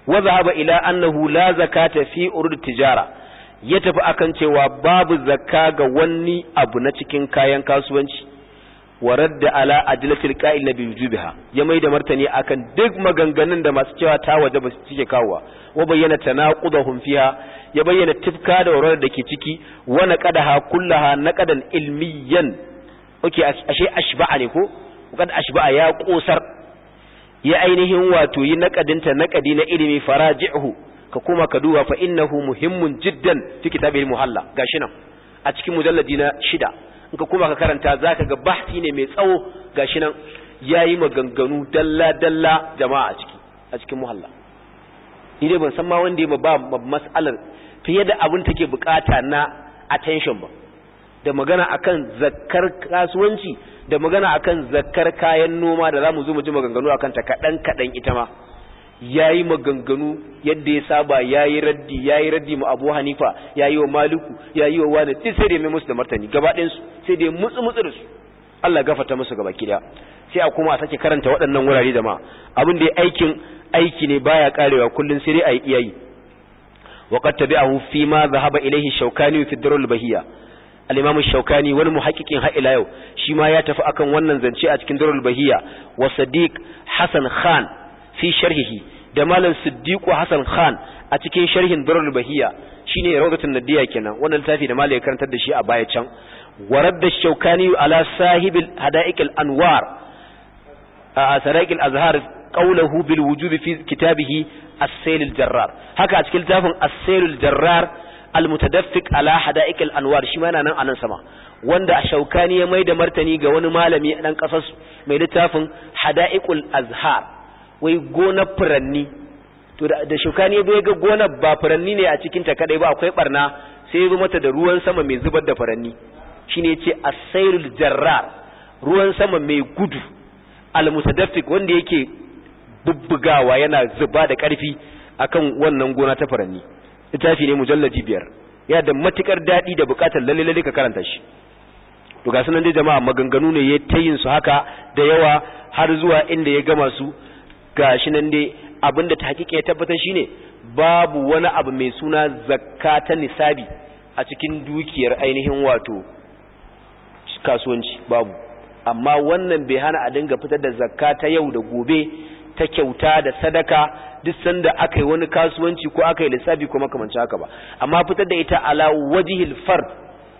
wa zahaba ila annahu la zakata fi urud tijara ya tafi akan cewa babu zakka ga wani abu na cikin kayan kasuwanci wa radda ala adlatil qa'il nabi wujubiha ya maida martani akan duk maganganun da masu cewa ta waje ba su cike kawowa wa bayyana tanaqudahum fiha ya bayyana tifka da warar da ke ciki wa naqadaha kullaha naqadan ilmiyan oke ashe ashba'a ne ko kada ashba'a ya kosar ya ainihin wato yi nakadinta nakadi na ilimi faraji'hu ka kuma ka duba fa innahu muhimmun jiddan fi kitabil muhalla gashi nan a cikin mujalladi na shida in ka kuma ka karanta zaka ga bahti ne mai tsawo gashi nan yayi maganganu dalla dalla jama'a a ciki a cikin muhalla ni dai ban san ma wanda ya ba mas'alar fiye da abin take bukata na attention ba da magana akan zakkar kasuwanci da magana akan zakkar kayan noma da zamu zo mu ji maganganu akan ta kadan kadan ita ma yayi maganganu yadda ya saba yayi raddi yayi raddi mu Abu Hanifa yayi wa Maliku yayi wa wani sai sai da mai musu da martani gaba su sai da mutsu mutsu da su Allah gafarta musu gaba kida sai a kuma a sake karanta waɗannan wurare da ma abin da aikin aiki ne baya karewa kullun sai dai ayi iyayi وقد تبعه فيما ذهب إليه الشوكاني في الدر البهية al-Imam Shawkani wani muhaqqiqin har yau shi ma ya tafi akan wannan zance a cikin Darul Bahiyya wa Sadiq Hassan Khan fi sharhihi da Malam Siddiq Hassan Khan a cikin sharhin Darul bahiya shine Rawdatun Nadiya kenan wannan littafi da Malam ya karantar da shi a baya can wa radda Shawkani ala sahibil hada'iqil anwar a saraqil azhar qawluhu bil wujubi fi kitabihi as jarrar haka a cikin littafin as-sayl jarrar Almutadaftik ala hada'ikal anwar shi ma yana nan anan sama wanda shaukani ya mai da martani ga wani malami dan kasar mai littafin hada'iqul azhar wai gona furanni to da shaukani ya ga gona ba furanni ne a cikin ta kadai ba akwai barna sai ya mata da ruwan sama mai zubar da furanni shine yace asairul jarrar ruwan sama mai gudu al-mutadaffiq wanda yake bubbugawa yana zuba da karfi akan wannan gona ta furanni littafi ne mujalladi biyar yana da matukar daɗi da buƙatar lalle lalle ka karanta shi to ga sunan dai jama'a maganganu ne ya tayin su haka da yawa har zuwa inda ya gama su ga shi nan dai abinda ta hakika ya tabbatar shi ne babu wani abu mai suna zakka ta nisabi a cikin dukiyar ainihin wato kasuwanci babu amma wannan bai hana a dinga fitar da zakka ta yau da gobe ta kyauta da sadaka duk sanda aka yi wani kasuwanci ko aka yi lissafi ko makamanci haka ba amma fitar da ita ala wajihil fard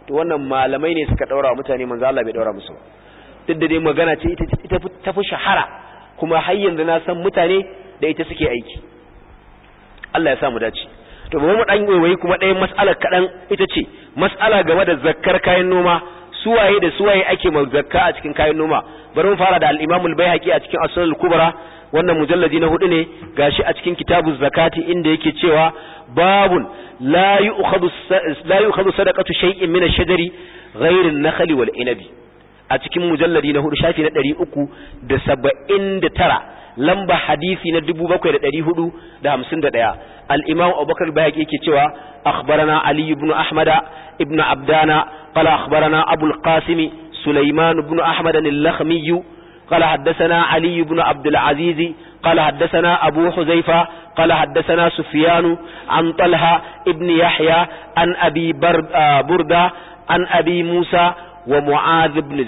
to wannan malamai ne suka daura mutane manzo Allah bai daura musu ba duk da dai magana ce ita ita ta fi shahara kuma har yanzu na san mutane da ita suke aiki Allah ya sa mu dace to ba mu dan yoyi kuma ɗaya mas'alar kaɗan ita ce mas'ala game da zakkar kayan noma suwaye da suwaye ake ma zakka a cikin kayan noma bari mu fara da al-Imam al-Baihaqi a cikin As-Sunan al-Kubra wannan mujalladi na hudu ne gashi a cikin kitabu zakati inda yake cewa babun la yu'khadhu sadaqatu shay'in min ash-shajari ghayr an-nakhli wal inabi a cikin mujalladi na hudu shafi na 379 lamba hadisi na 7451 al-imam abubakar bayaki yake cewa akhbarana ali ibn ahmada ibn abdana qala akhbarana abul qasim sulaiman ibn ahmad al قال حدثنا علي بن عبد العزيز قال حدثنا أبو حذيفة قال حدثنا سفيان عن طلحة ابن يحيى عن أبي بردة عن أبي موسى ومعاذ بن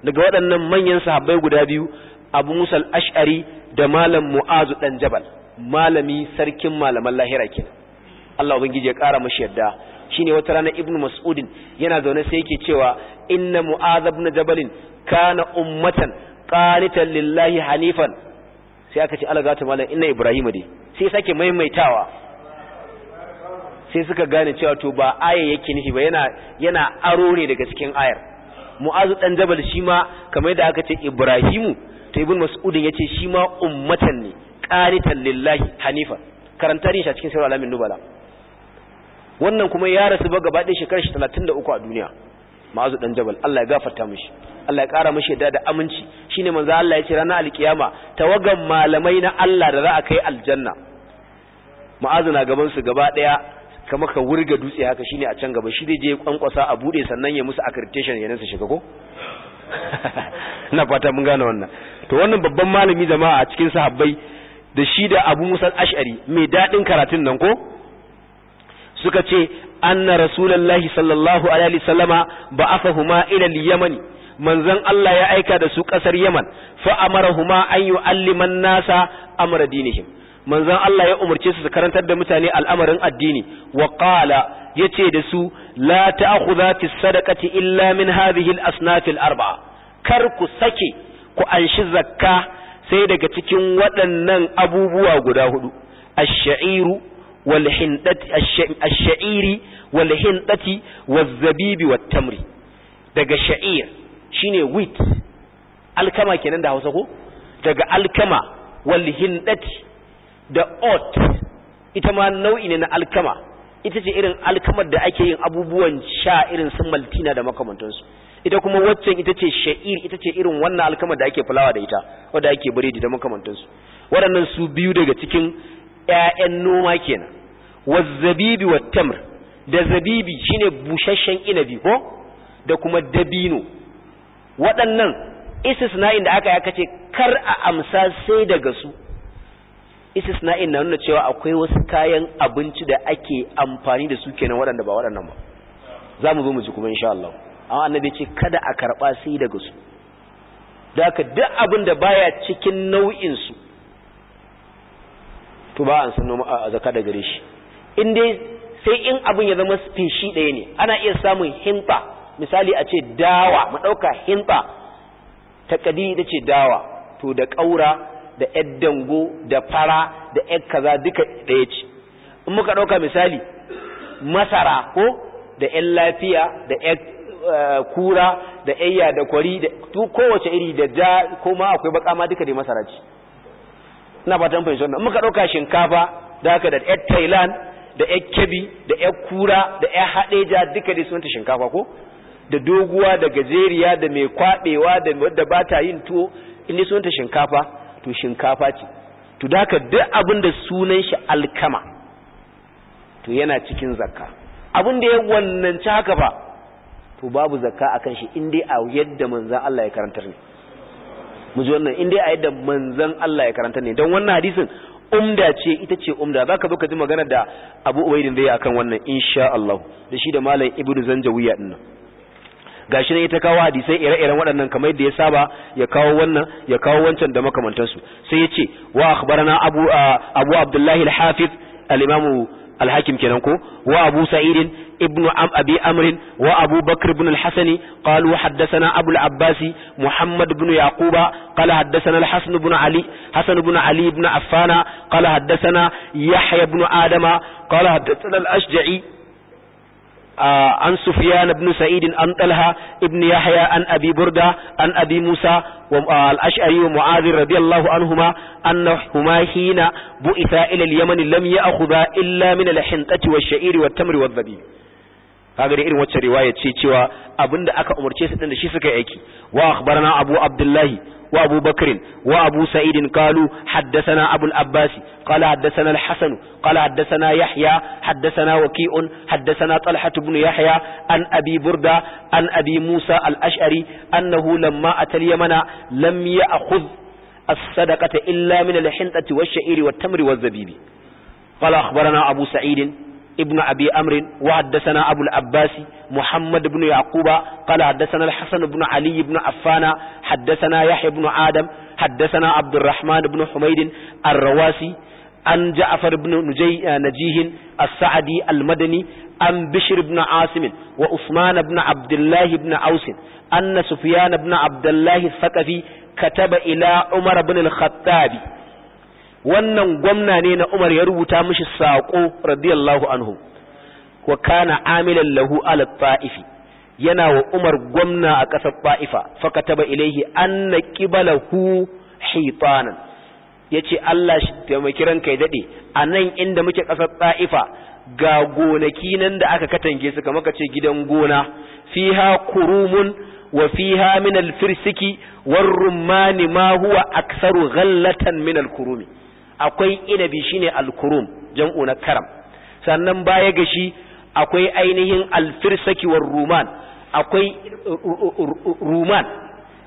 daga waɗannan manyan sahabbai guda biyu abu musal ash'ari da malam mu'azu ɗan jabal malami sarkin malaman lahira ke Allah ubangiji ya ƙara mashi yadda ne wata rana ibnu mas'udin yana zaune sai yake cewa inna mu'az ibn jabalin kana ummatan qanitan lillahi hanifan sai aka ce alagatu malam inna ibrahim dai sai sake maimaitawa sai suka gane cewa to ba aya yake nufi ba yana yana aro ne daga cikin ayar mu'azu dan jabal shi ma kamar da aka ce ibrahimu to ibn mas'udin yace shi ma ummatan ne qanitan lillahi hanifan karanta ne shi a cikin sura alamin nubala wannan kuma ya rasu ba gaba ɗaya shekarar 33 a duniya ma'azu dan jabal Allah ya gafarta mishi Allah ya kara mashi yadda da aminci shine manzo Allah ya ce ranar alkiyama tawagan malamai na Allah da za a kai aljanna Ma'azina gaban su gaba daya kama ka wurga dutse haka shine a can gaba shi zai je kwankwasa a bude sannan ya musu accreditation ya nasa shiga ko <laughs> ina fata mun gane wannan to wannan babban malami jama'a a cikin sahabbai da shi da Abu Musa Ash'ari mai dadin karatun nan ko suka ce anna rasulullahi sallallahu alaihi wasallama ba'athahuma ila al-yamani manzon Allah ya aika da su ƙasar Yaman fa amarahuma an yu'alliman nasa amra dinihim manzon Allah ya umarci su su karantar da mutane al'amarin addini wa qala yace da su la ta'khudhati sadaqati illa min hadhihi al-asnaf al-arba'a kar ku sake ku anshi zakka sai daga cikin waɗannan abubuwa guda hudu ash-sha'iru wal hindati ash zabibi tamri daga sha'ir shine wit, alkama kenan da Hausa ko daga alkama wal hindati da ot ita ma nau'i ne na alkama ita ce irin alkamar da ake yin abubuwan sha irin su maltina da makamantansu ita kuma waccan ita ce sha'ir ita ce irin wannan alkamar da ake fulawa da ita wadda ake biredi da makamantansu waɗannan su biyu daga cikin ƴaƴan noma kenan wazzabibi wat tamr da zabibi shine busasshen inabi ko da kuma dabino waɗannan istisna'in da aka yi aka ce kar a amsa sai daga su istisna'in na nuna cewa akwai wasu kayan abinci da ake amfani da su kenan waɗanda ba waɗannan ba za mu zo mu ji kuma insha Allah amma annabi ce kada a karɓa sai daga su da haka duk abin da baya cikin nau'in su to ba an san a zakka da gare shi in dai sai in abin ya zama feshi ɗaya ne ana iya samun himba misali a ce dawa mu ɗauka hinta taƙadi ita ce dawa to da ƙaura da ƴar dango da fara da ƴar kaza duka ɗaya ce in muka ɗauka misali masara ko da ‘yan lafiya da ƴar eh, kura da ƴayya da kwari da kowace iri da ja ma akwai baka ma duka dai masara ce ina fatan fahimci in muka ɗauka shinkafa da haka da ƴar thailand da yar kebi da yar kura da yar haɗeja duka dai sunanta shinkafa ko da doguwa da gajeriya da mai kwabewa da wadda ba ta yin tuwo in dai sunanta shinkafa to shinkafa ce to daka duk abin da sunan shi alkama to yana cikin zakka abin da ya wannanci haka ba to babu zakka akan shi in dai a yadda manzan Allah ya karantar ne mu ji wannan in dai a yadda manzan Allah ya karantar ne don wannan hadisin umda ce ita ce umda zaka zo ka ji magana da Abu Ubaidin dai akan wannan insha Allah da shi da malam Ibnu Zanjawiya dinnan gashi ne ita kawo hadisai ire-iren waɗannan kamar yadda ya saba ya kawo wannan ya kawo wancan da makamantansu sai ya ce wa akhbarana abu abu abdullahi al-hafiz al-imam al-hakim kenan ko wa abu sa'id ibn abi amr wa abu bakr ibn al-hasan qalu haddathana abu al-abbasi muhammad ibn yaquba qala haddathana al-hasan ibn ali hasan ibn ali ibn affana qala haddathana yahya ibn adama qala haddathana al-ashja'i an Sufyan ibn Sa'id an Talha ibn Yahya an Abi Burda an Abi Musa wa al-Ash'ari wa Mu'adh radiyallahu anhuma annahuma hina bu'itha ila al-Yaman lam ya'khudha illa min al-hintati wash-sha'iri wat-tamri wadh-dhabi kaga da irin wacce riwaya ce cewa abinda aka umarce su din da shi suka yi aiki wa akhbarana abu abdullahi wa abu bakrin wa abu sa'idin qalu haddathana abu al-abbas qala haddathana al-hasan qala haddathana yahya haddathana waqi'un haddathana talha ibn yahya an abi burda an abi musa al-ash'ari annahu lamma ata al-yamana lam ya'khudh as-sadaqata illa min al-hintati wash-sha'iri wat-tamri waz-zabibi qala akhbarana abu sa'idin ابن أبي أمر وحدثنا أبو العباس محمد بن يعقوب قال حدثنا الحسن بن علي بن عفان حدثنا يحيى بن آدم حدثنا عبد الرحمن بن حميد الرواسي عن جعفر بن نجي نجيه السعدي المدني عن بشر بن عاصم وعثمان بن عبد الله بن عوس أن سفيان بن عبد الله الثقفي كتب إلى عمر بن الخطاب wannan gwamna ne na Umar ya rubuta mishi saƙo radiyallahu anhu wa kana amilan lahu ala ta'ifi yana wa Umar gwamna a ƙasar Ta'ifa fakataba ilaihi anna qibalahu shaytanan yace Allah shi taimaki ranka ya dade anan inda muke ƙasar Ta'ifa ga gonaki nan da aka katange su kamar kace gidan gona fiha kurumun wa fiha min al-firsiki war-rumman ma huwa aktsaru ghallatan min al-kurumi akwai inabi shine alkurum jam'u na karam sannan baya ga shi akwai ainihin al-firsaki war ruman akwai uh, uh, uh, ruman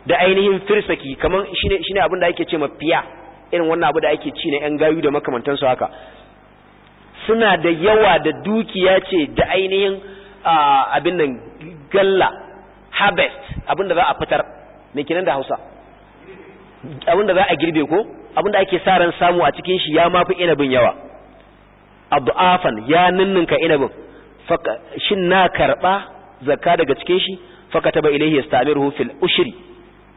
da ainihin firsaki kaman shine shine abin da ake ce mafiya irin wannan abu da ake ci na yan gayu da makamantansu haka suna da yawa da dukiya ce da ainihin abin nan galla harvest abin da za a fitar ne kinan da Hausa abin da za a girbe ko abin da ake sa ran samu a cikin shi ya mafi inabin yawa adu'afan ya ninninka inabin shin na karba zakka daga cikin shi fakata ba ilaihi yastamiruhu fil ushri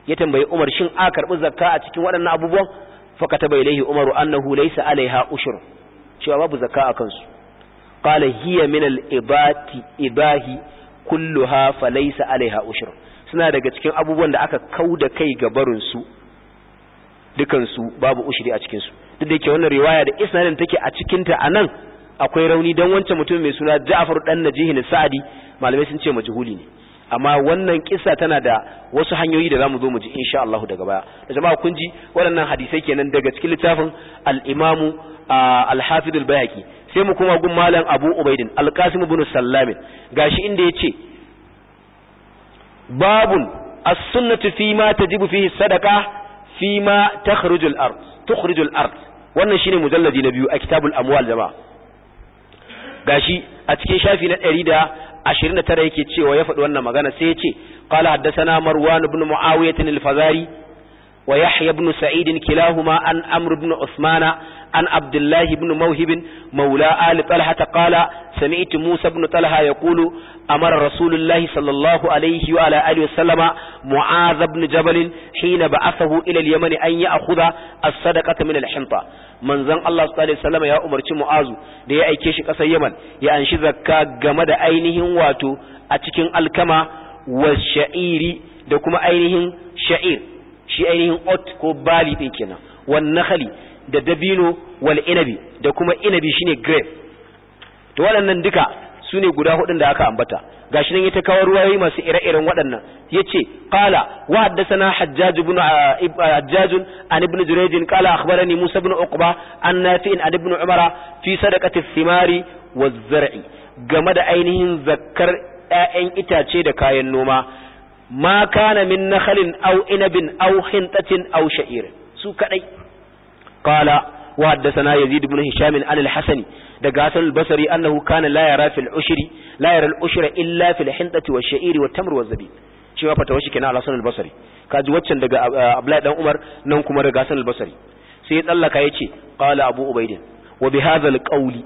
ya tambayi Umar shin a karbi zakka a cikin waɗannan abubuwan fakata ba ilaihi Umaru annahu laysa alaiha ushru cewa babu zakka a kansu qala hiya min al ibati ibahi kulluha falaysa alaiha ushru suna daga cikin abubuwan da aka kauda kai ga barin su dukansu babu ushiri a cikinsu duk da yake wannan riwaya da isnadin take a cikinta a nan akwai rauni don wancan mutum mai suna ja'afar dan najihi ne sa'adi malamai sun ce majhuli ne amma wannan kissa tana da wasu hanyoyi da zamu zo mu ji insha Allah daga baya da jama'a kun ji waɗannan hadisai kenan daga cikin littafin al-Imam al-Hafiz al-Bayhaqi sai mu kuma gun malam Abu Ubaidin al-Qasim ibn Sallam gashi inda yace babun as sunnah fi ma tajibu fihi sadaqa fi ma takhrijul ard art ard wannan shine mujalladi na biyu a kitabul amwal jama'a gashi a cikin shafi na 129 yake cewa ya faɗi wannan magana sai ya ce qala haddathana marwan ibn muawiyah al-fazari wa yahya ibn sa'id kilahuma an amr ibn usmana عن عبد الله بن موهب مولى آل طلحة قال سمعت موسى بن طلحة يقول أمر رسول الله صلى الله عليه وعلى آله وسلم معاذ بن جبل حين بعثه إلى اليمن أن يأخذ الصدقة من الحنطة من زن الله صلى الله عليه وسلم يا أمر معاذ ليا أي كيش قصى يمن يأنشي ذكا قمد أينهم واتو أتكين الكما والشعير da kuma ainihin sha'ir shi ainihin ot ko bali ɗin kenan wannan khali da dabino wal inabi da kuma inabi shine grape to waɗannan duka su ne guda hudun da aka ambata gashi nan ya ta kawo yi masu ire-iren waɗannan ya ce ƙala wa na hajjajun ah, ah, an ibn jurejin ƙala akhbarani musa bin uqba an in an ibn umara fi sadaqati simari wa zar'i game da ainihin zakkar yayan itace da kayan noma ma kana min nakhalin au inabin aw hintatin au sha'ir su kadai qala wa haddathana yazid ibn hisham an al-hasan daga hasan al-basri annahu kana la yara fil ushri la yara al-ushra illa fil hindati wa sha'iri wa tamr wa cewa fatawa shi kenan al-hasan al-basri kaji waccan daga abdullahi dan umar nan kuma daga hasan al-basri sai ya tsallaka yace qala abu ubaidin wa bi hadha al-qawli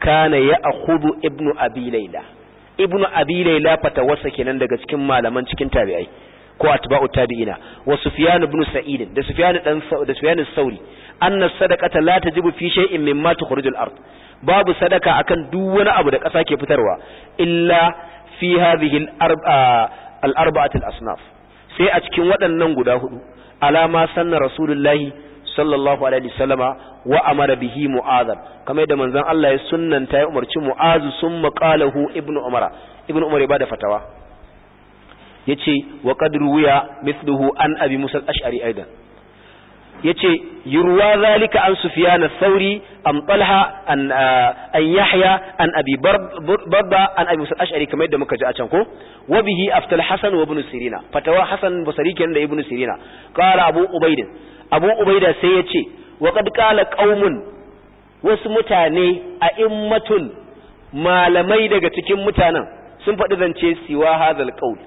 kana ya'khudhu ibnu abi layla ibnu abi layla fatawarsa kenan daga cikin malaman cikin tabi'ai ko atba'u tabi'ina wa sufyan ibn sa'id da sufyan dan da sufyan sauri anna sadaqata la tajibu fi shay'in mimma tukhriju al-ard babu sadaka akan duk wani abu da ƙasa ke fitarwa illa fi hadhihi al-arba'ati al-asnaf sai a cikin waɗannan guda hudu alama sanna rasulullahi sallallahu alaihi wasallama wa amara bihi mu'adhan kamar da manzon Allah ya sunnanta ya umarci mu'azu summa qalahu ibnu umara ibnu umar ya bada fatawa Ya yace wa qad ruwiya mithluhu an abi musa al-ash'ari aidan yace yurwa zalika an sufyan al-thawri am talha an uh, an yahya an abi barba an abi musa al-ash'ari kamar yadda muka ji a can ko wa bihi aftal hasan wa ibn sirina fatawa hasan basri kenan da ibn sirina qala abu ubaid abu ubaida sai ya ce wa qad qala qaumun wasu mutane a immatun malamai daga cikin mutanen sun faɗi zance siwa hadal qaul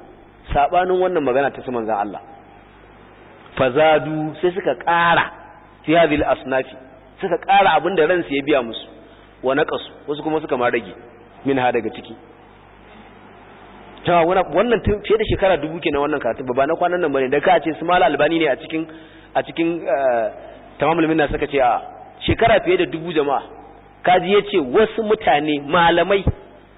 sabanin wannan magana ta su manzan Allah fazadu sai suka ƙara fi hadhil asnafi suka ƙara abin da ransu ya biya musu wa naqasu wasu kuma suka ma rage min ha daga ciki ta wannan fiye da shekara dubu kenan wannan karatu ba na kwanan nan bane da ka ce su mala albani ne a cikin a cikin eh, tamamul minna suka ce a shekara fiye da dubu jama'a kaji yace wasu mutane malamai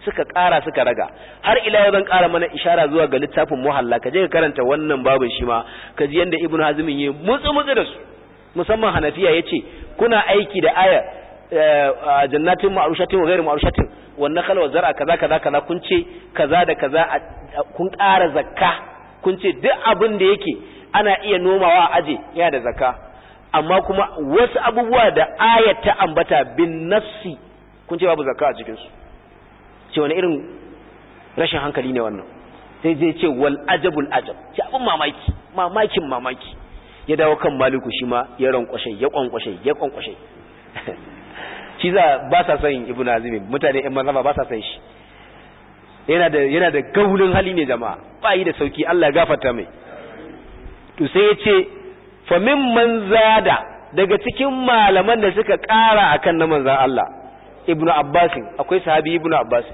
suka ƙara suka raga har ila yau zan ƙara mana ishara zuwa ga littafin muhalla ka je ka karanta wannan babin shi ma ka ji yanda ibnu hazm yi mutsu mutsu da su musamman hanafiya yace kuna aiki da aya eh, jannatin ma'rushatin wa ghairu ma'rushatin wannan kalwar zar'a kaza kaza kaza kun ce kaza da kaza kun ƙara zakka kun ce duk abin da yake ana iya nomawa a aje yana da zakka amma kuma wasu abubuwa da ayat ta ambata bin nafsi kun ce babu zakka a cikin su ce wani irin rashin hankali ne wannan sai zai ce wal ajabul ajab ce abin mamaki mamakin mamaki ya dawo kan maliku shi ma ya ranƙwashe ya ƙwanƙwashe ya ƙwanƙwashe <laughs> shi za ba sa son Ibu Nazimin, mutane yan mazhaba ba sa son shi yana da yana da gaurin hali ne jama'a ba yi da sauki Allah ya gafarta mai to sai ya ce fa mimman zada daga cikin malaman da suka ƙara akan na manzan Allah ibnu Abbasin akwai sahabi ibnu abbas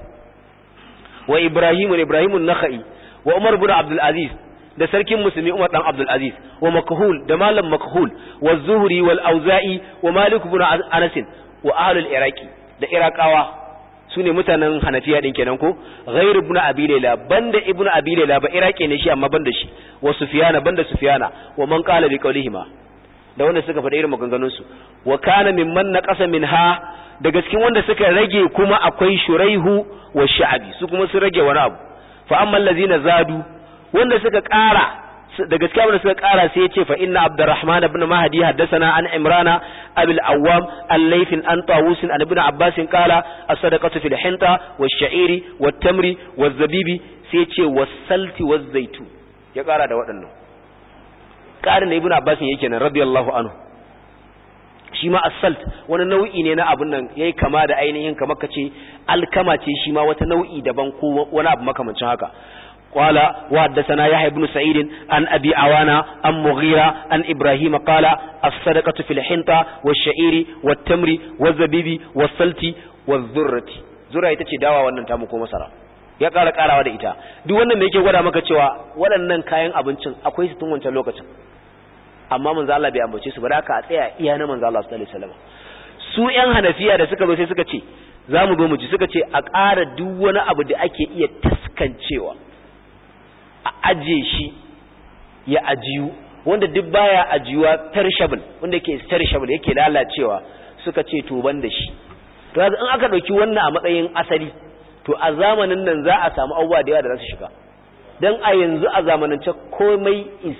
wa Ibrahimun ibrahim nakhai wa umar ibn abdul aziz da sarkin musulmi Umar dan Abdul Aziz wa Makhul da Malam Makhul wa Zuhri wal Auza'i wa Malik ibn Anas wa ahlul Iraqi da Iraqawa sune mutanen Hanafiya din kenan ko Ghair ibn Abi Layla banda ibn Abi Layla ba Iraqi ne shi amma banda shi wa Sufyana banda Sufyana wa man qala bi qawlihima da wanda suka faɗa irin maganganun su wa kana mimman naqasa minha daga cikin wanda suka rage kuma akwai shuraihu wa sha'abi su kuma sun rage wani abu fa amma allazina zadu wanda suka ƙara daga cikin wanda suka ƙara sai yace fa inna abdurrahman ibn mahdi haddathana an imrana abil awwam al-laythin an tawus an ibn abbas qala as-sadaqatu fil hinta wash-sha'iri wat-tamri waz-zabibi sai ce was-salti waz-zaitu ya ƙara da waɗannan ƙarin da ibn abbas yake nan radiyallahu anhu Shima ma asalt wani nau'i ne na abin nan yayi kama da ainihin kamar kace alkama ce shi wata nau'i daban ko wani abu makamancin haka قال وحدثنا يحيى بن سعيد عن أبي عوانة عن مغيرة عن إبراهيم قال الصدقة في الحنطة والشعير والتمر والزبيب والسلت والذرة ذرة يتشي داوا wannan ta muku masara ya ƙara karawa da ita duk wannan da yake gwada maka cewa waɗannan kayan abincin akwai su tun wancan lokacin amma manzo Allah bai ambace su ba da aka tsaya iya na manzo Allah sallallahu alaihi wasallam su yan hanafiya da suka zo sai suka ce za mu zo mu ji suka ce a ƙara duk wani abu da ake iya taskancewa a ajiye shi ya ajiyu wanda duk baya ajiyuwa tarshabul wanda yake tarshabul yake lalacewa suka ce to ban da shi to yanzu in aka dauki wannan a matsayin asali to a zamanin nan za a samu abubuwa da yawa da za su shiga dan a yanzu a zamanance komai is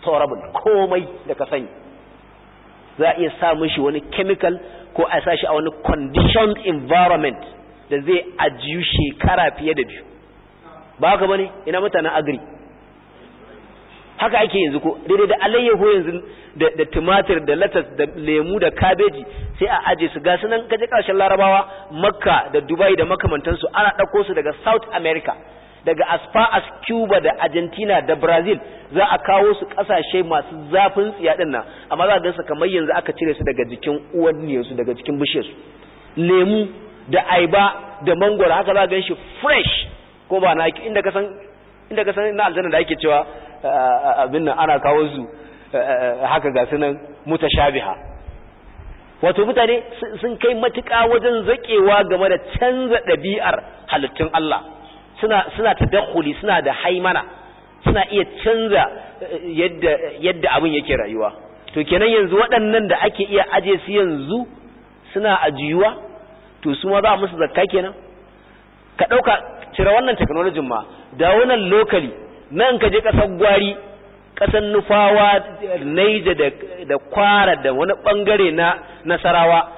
storable komai da ka sani za a iya sa shi wani chemical ko a sa shi a wani conditioned environment da zai ajiyu shekara fiye da biyu ba haka bane ina mutanen agri haka ake yanzu ko daidai da alayyahu yanzu da tumatir da latas da lemu da kabeji sai a aje su ga sunan kaje karshen larabawa makka da dubai da makamantansu ana ɗauko su daga south america daga as far Cuba da Argentina da Brazil za a kawo su kasashe masu zafin tsiya din nan amma za a su kamar yanzu aka cire su daga jikin uwar su daga jikin bishiyar lemu da aiba da mangoro haka za gan shi fresh ko ba na inda ka san inda ka san na aljanna da ake cewa abin nan ana kawo su haka ga su sunan mutashabiha wato mutane sun kai matuƙa wajen zaƙewa game da canza ɗabi'ar halittun Allah suna suna tadakhuli suna da haimana suna iya canza eh, yadda yadda abin yake rayuwa to kenan yanzu waɗannan da ake iya aje su yanzu suna ajiyuwa to su ma za musu zakka kenan ka ɗauka cire wannan technology ma da wannan lokali nan ka je ƙasar gwari ƙasar nufawa naija da kwara da wani ɓangare na nasarawa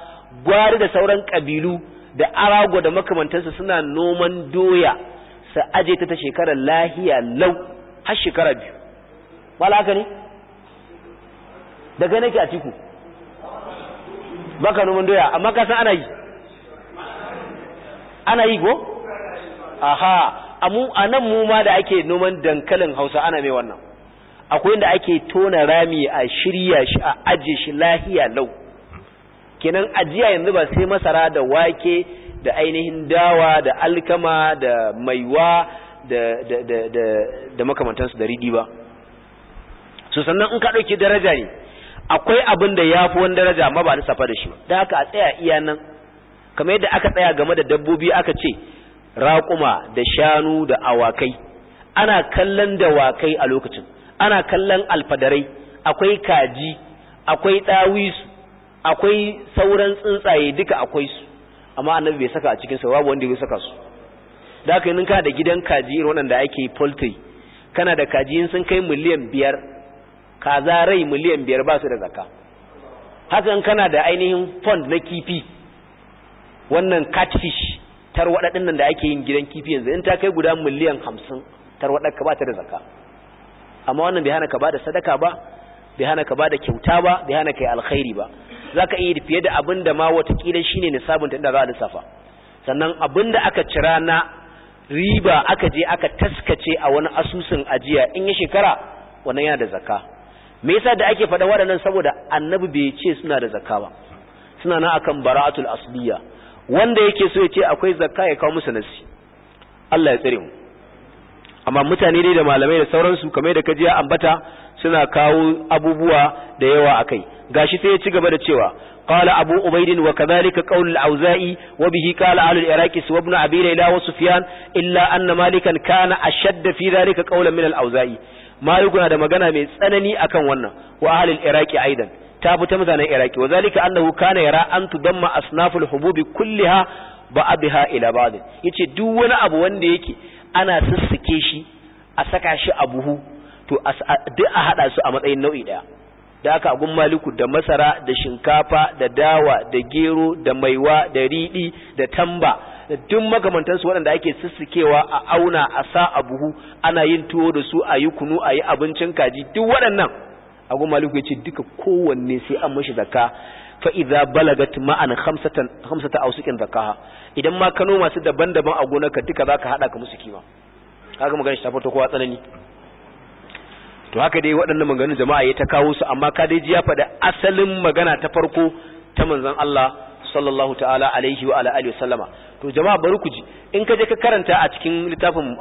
gwari da sauran ƙabilu da arago da makamantansu suna noman doya su aje ta ta shekarar lahiya lau har shekara biyu wala haka ne daga nake a tiku baka noman doya amma kasan ana yi ana yi ko aha a nan mu ma da ake noman dankalin hausa ana mai wannan akwai inda ake tona rami a shirya shi a aje shi lahiya lau kenan ajiya yanzu ba sai masara da wake da ainihin dawa da alkama da maiwa da, da, da, da, da makamantansu da riɗi ba so sannan in ka ɗauki daraja ne akwai abin da yafi wani daraja ma ba da safa da shi ba da haka a tsaya iya nan kamar yadda aka tsaya game da dabbobi aka ce raƙuma da shanu da awakai ana kallon dawakai a lokacin ana kallon alfadarai akwai kaji akwai ɗawisu akwai sauran tsuntsaye duka akwai su amma annabi bai saka a cikin sa babu wanda ya saka su da haka kana da gidan kaji waɗanda ake poultry kana da kaji sun kai miliyan biyar kaza rai miliyan biyar ba su da zakka hakan kana da ainihin pond na kifi wannan catfish tarwaɗa din nan da ake yin gidan kifi yanzu in ta kai guda miliyan hamsin tarwaɗa ka ba ta da zakka amma wannan bai hana ka ba da sadaka ba bai hana ka ba da kyauta ba bai hana ka yi alkhairi ba za ka iya fiye da abin da ma watakila shi ne sabunta inda za a lissafa sannan abin da aka cira na riba aka je aka taskace a wani asusun ajiya in ya shekara wannan yana da zakka me yasa da ake faɗa waɗannan saboda annabi bai ce suna da zakka ba suna na akan bara'atul asliya wanda yake so ya ce akwai zakka ya kawo musu nasi Allah ya tsare mu amma mutane dai da malamai da sauransu kamar da kaji ambata suna kawo abubuwa da yawa a kai gashi sai ya ci gaba da cewa qala abu ubaidin wa kadhalika qawl al-auza'i wa bihi qala ahli al-iraqi wa ibn abi layla wa sufyan illa anna malikan kana ashadda fi dhalika qawlan min al-auza'i na da magana mai tsanani akan wannan wa ahli al-iraqi aidan ta fita mutanen iraki wa zalika annahu kana yara an tudamma asnaful hububi kulliha ba abiha ila ba'd yace duk wani abu wanda yake ana sussuke shi a saka shi a buhu to duk a haɗa su a matsayin nau'i ɗaya. da aka agun maliku da masara da shinkafa da dawa da gero da maiwa da riɗi da tamba da duk magamantansu waɗanda ake sussukewa a auna a sa a buhu ana yin tuwo da su a yi kunu a yi abincin kaji duk waɗannan agun maliku ya ce duka kowanne sai an mashi zakka fa idza balagat ma'an khamsatan khamsata awsiqin zakaha idan ma ka noma su daban-daban a gonarka duka zaka hada ka musu kima kaga magana shi ta kowa tsanani to haka dai waɗannan maganganun jama'a ya ta kawo su amma ka dai ji ya faɗi asalin magana ta farko ta manzon Allah sallallahu ta'ala alaihi wa alihi wa sallama to jama'a bari ku ji in ka je ka karanta a cikin littafin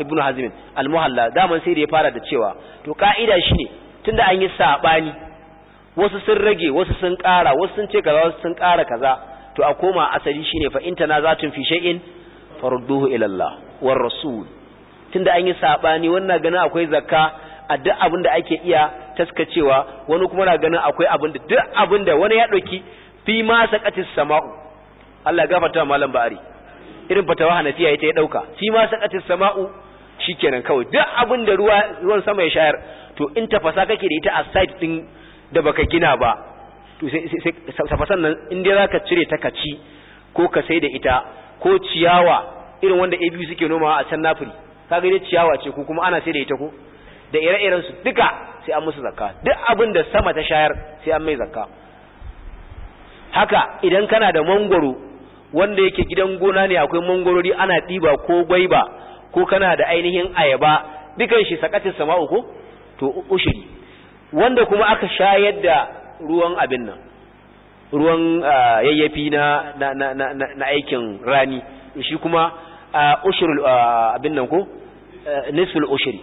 ibnu Hazm al-Muhalla daman sai da ya fara da cewa to ka'ida shine tunda an yi sabani wasu sun rage wasu sun ƙara wasu sun ce kaza wasu sun ƙara kaza to a koma asali shine fa in tanazatun fi shay'in farudduhu ila Allah war rasul tunda an yi sabani wannan ganin akwai zakka a duk abin da ake iya taskacewa wani kuma na ganin akwai abin da duk abin da wani ya dauki fi ma saqatis sama'u Allah ya gafarta malam ba'ari irin fatawa hanafiya ita ya dauka fi ma saqatis sama'u shikenan kawai duk abin da ruwa ruwan sama ya shayar to in tafasa kake da ita a side din da baka gina ba to sai safasan nan in dai zaka cire ta ka ci ko ka sai da ita ko ciyawa irin wanda abu suke nomawa a can ka kaga dai ciyawa ce ko kuma ana sai da ita ko da ire-iren su duka sai an musu zakka duk abin da sama ta shayar sai an mai zakka haka idan kana da mangoro wanda yake gidan gona ne akwai mangorori ana ɗiba ko gwaiba ko kana da ainihin ayaba dukan shi sakatin sama'u ko to ushiri wanda kuma aka shayar da ruwan abin nan ruwan ah, yayyafi na na aikin rani shi kuma ah, ushurul ah, abin nan ko nisful ushiri,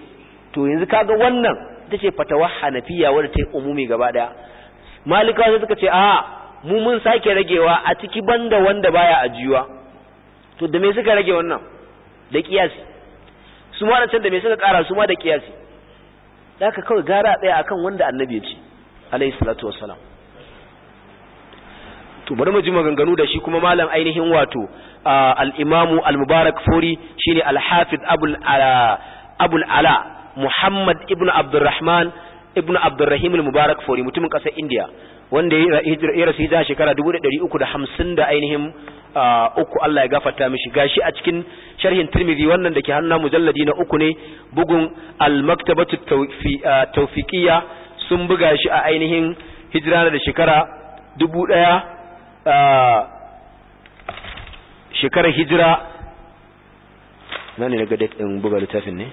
to yanzu kaga wannan tace fatawa hanafiya wadda ta yi umumi gaba daya malikawa sai suka ce a mu mun sake ragewa a ciki banda wanda baya ajiyuwa to da me suka rage wannan da kiyasi su ma da can da me suka kara su ma da kiyasi da aka kawai gara ɗaya akan wanda annabi ya ce alayhi salatu wassalam to bari mu ji maganganu da shi kuma malam ainihin wato al-imamu al-mubarak fori shine al-hafiz abul ala abul ala muhammad ibnu abdurrahman ibnu abdurrahim al-mubarak fori mutumin kasar india wanda ya rasu hijira shekara 1350 da ainihin uku Allah ya gafarta mishi gashi a cikin sharhin Tirmidhi wannan da ke hannu mujalladi na uku ne bugun al-maktabatu tawfiqiyya sun buga shi a ainihin hijira da shekara dubu ɗaya shekarar hijira na daga daɗin buga littafin ne?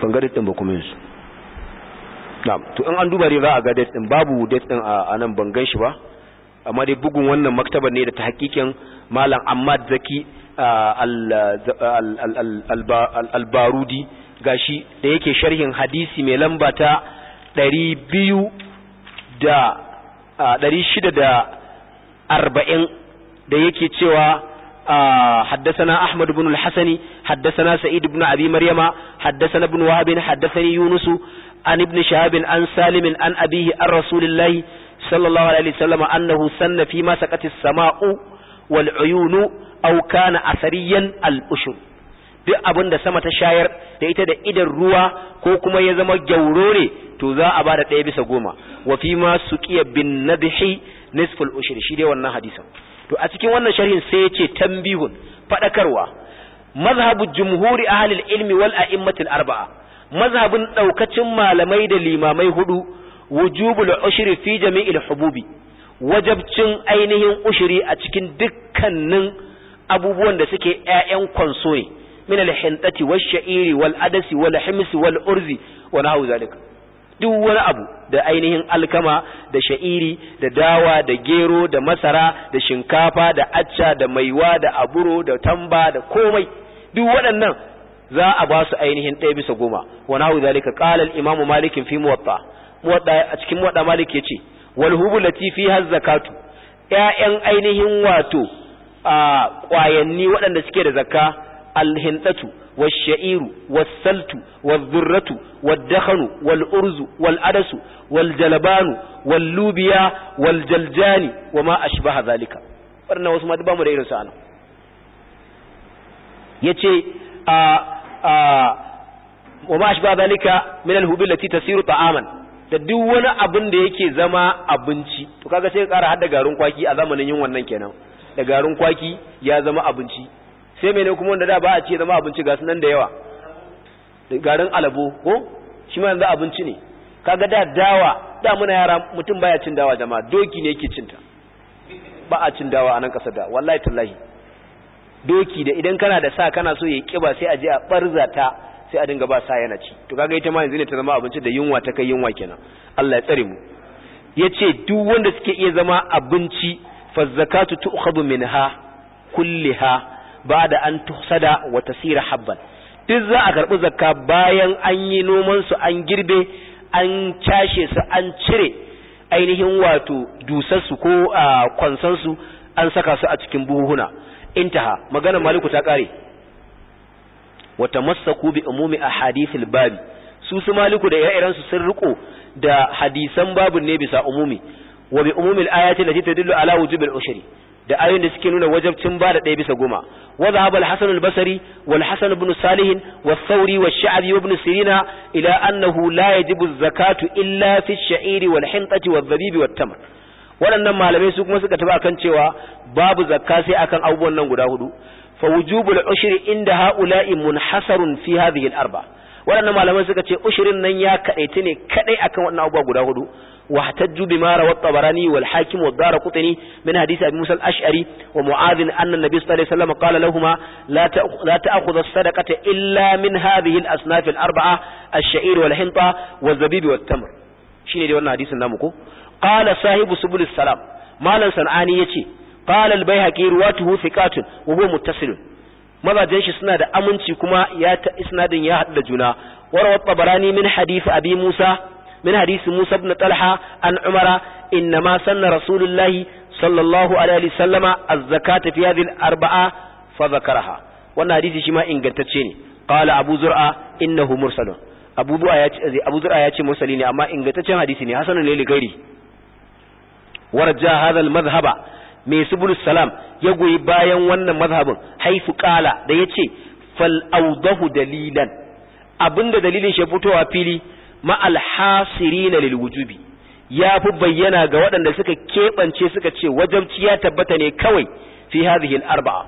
ban ga ba kuma yanzu na to in an duba ne za a ga daɗin babu daɗin a nan ban gan shi ba amma dai bugun wannan maktabar ne da ta hakikin malam Ahmad Zaki al-Barudi gashi da yake sharhin hadisi mai lamba ta 200 da 640 da yake cewa حدثنا أحمد بن الحسن حدثنا سعيد بن عبي مريم حدثنا بن وهب حدثني يونس عن ابن شهاب عن سالم عن أبيه الرسول الله sallallahu alaihi wasallam annahu sanna fi ma saqati samau wal uyunu aw kana asariyan duk abin da sama ta shayar da ita da idan ruwa ko kuma ya zama gyauro ne to za a bada ɗaya bisa goma wa fi ma kiya bin nadhi nisful ushur shi dai wannan hadisan. to a cikin wannan sharhin sai ya ce tambihun faɗakarwa mazhabu jumhuri ahlil ilmi wal a'immatil arba'a mazhabin ɗaukacin malamai da limamai hudu wujubul ushri fi jami'il hububi wajabcin ainihin ushri a cikin dukkanin abubuwan da suke ƴaƴan kwanso ne min al-hintati wash-sha'iri wal-adasi wal-himsi wal-urzi wa nahu zalika duk wani abu da ainihin alkama da sha'iri da dawa da gero da masara da shinkafa da acca da maiwa da aburo da tamba da komai duk waɗannan za a ba su ainihin ɗaya bisa goma wa nahu zalika qala al-imamu malikin fi muwatta muwadda a cikin muwadda malik yace wal hubu latifi haz zakatu ƴaƴan ainihin wato a ƙwayanni waɗanda suke da zakka alhintatu والشعير والسلت والذرة والدخن والأرز والأدس والجلبان واللوبيا والجلجان وما أشبه ذلك ورنا وسمع دبام رئير سعنا يتي وما أشبه ذلك من الهب التي تسير طعاما da duk wani abin da yake zama abinci to kaga sai ka ƙara hada garin kwaki a zamanin yin wannan kenan da garin kwaki ya zama abinci sai ne kuma wanda da ba a ce zama abinci ga sunan da yawa garin alabo ko shi ma yanzu abinci ne kaga da dawa da muna yara mutum baya cin dawa jama'a doki ne yake cinta ba a cin dawa a nan kasar da wallahi tallahi doki da idan kana da sa kana so ya ƙiba sai a je a ɓarza ta sai a dinga ba sa yana ci to kaga ita ma yanzu ne ta zama abinci da yunwa ta kai yunwa kenan Allah ya tsare mu yace duk wanda suke iya zama abinci fa zakatu tu'khadhu minha kulliha ba'da an tuhsada wa tasira habban duk za a karbi zakka bayan an yi noman su an girbe an cashe su an cire ainihin wato dusar su ko ah, su an saka su a cikin buhuhuna intaha magana maliku ta kare Wata tamassaku bi umumi ahadithil babi su su maliku da ire su sun riko da hadisan babun ne bisa umumi wa bi umumil ayati allati tadullu ala wujubil ushri da ayoyin da suke nuna wajabcin ba da ɗaya bisa goma wa zahaba al-hasan al-basri wal hasan ibn salih wa thawri wa sha'bi ibn sirina ila annahu la yajibu zakatu illa fi shairi wal hintati wal zabibi wat tamr waɗannan malamai su kuma suka tafi kan cewa babu zakka sai akan abubuwan nan guda hudu fa wujubul inda haula'i munhasarun fi hadhihi al-arba malamai suka ce ushirin nan ya kaɗaitu ne kaɗai akan wannan abubuwa guda hudu wa hatajju bima rawat tabarani wal hakim wa dara qutni min hadisi abi musa ashari wa anna sallallahu alaihi wasallam qala la ta'khudhu as-sadaqata illa min hadhihi al al-arba'a ash-sha'ir wal wal tamr shine dai wannan hadisin namu ko qala sahibu subul salam malam sanani yace qala al-baihaqi ruwatuhu thiqatun wa huwa muttasil mazajen shi suna da aminci kuma ya isnadin ya hadda juna warwa tabarani min hadith abi musa min hadith musa ibn talha an umara inma sanna rasulullahi sallallahu alaihi wasallama az-zakata fi hadhihi al-arba'a fa zakaraha wannan hadisi shi ma ingantacce ne qala abu zur'a innahu mursalun abu zur'a ya ce abu zur'a ya ce mursali ne amma ingantaccen hadisi ne hasanun ne ligari warja hadha al-madhhaba mai subul salam ya goyi bayan wannan mazhabin haifu kala da ya ce fal'audahu dalilan abinda dalilin shi fitowa fili ma'alhasiri na hasirina lil wujubi ya fi bayyana ga waɗanda suka keɓance suka ce wajabci ya tabbata ne kawai fi hadhihi arba'a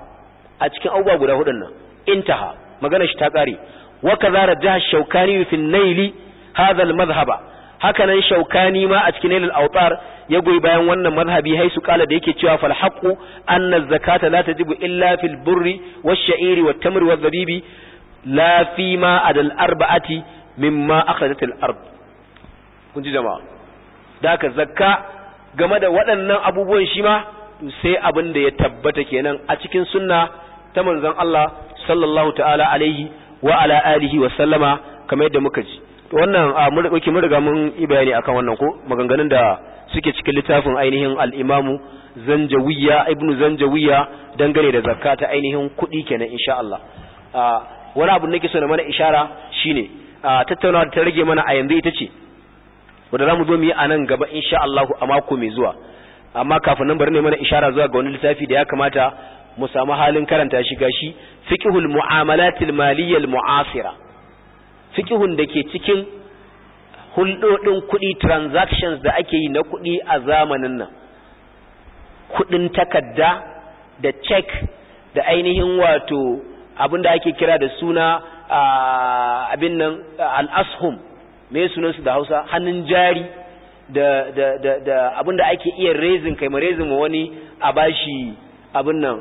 a cikin abubuwa guda hudun nan intaha magana shi ta kare wa kaza rajaha shaukani fi naili hadha al madhhaba hakanan shaukani ma a cikin ilal autar ya goyi bayan wannan mazhabi haisu kala da yake cewa fal haqu anna zakata la tajibu illa fil burri wash-sha'iri wat-tamri wadh zabibi la fi ma adal arba'ati mimma akhadhat al-ard kun ji jama'a da ka zakka game da waɗannan abubuwan shi ma to sai abin da ya tabbata kenan a cikin sunna ta manzon Allah sallallahu ta'ala alaihi wa ala alihi wa sallama kamar yadda muka ji to wannan a ah, mun dauki mun riga mun yi bayani akan wannan ko maganganun da suke cikin littafin ainihin al-Imam Zanjawiyya Ibn Zanjawiyya dangane da zakka ta ainihin kuɗi kenan insha Allah ah, wani abu nake so na mana ishara shine ah, tattaunawa da ta rage mana a yanzu ita ce wanda zamu zo mu yi a nan gaba insha Allah a mako mai zuwa amma kafin nan bari ne mana ishara zuwa ga wani littafi da ya kamata mu samu halin karanta shi gashi fiqhul mu'amalatil maliyyal mu'asira Fikihun da ke cikin hulɗoɗin kuɗi transactions da ake yi na kuɗi a zamanin nan kuɗin takarda da check da ainihin wato abin da ake kira da suna abin nan al'ashum me sunansu da hausa hannun jari da, da, da, da abinda ake iya rezin kai ma rezin ma wani a bashi abin nan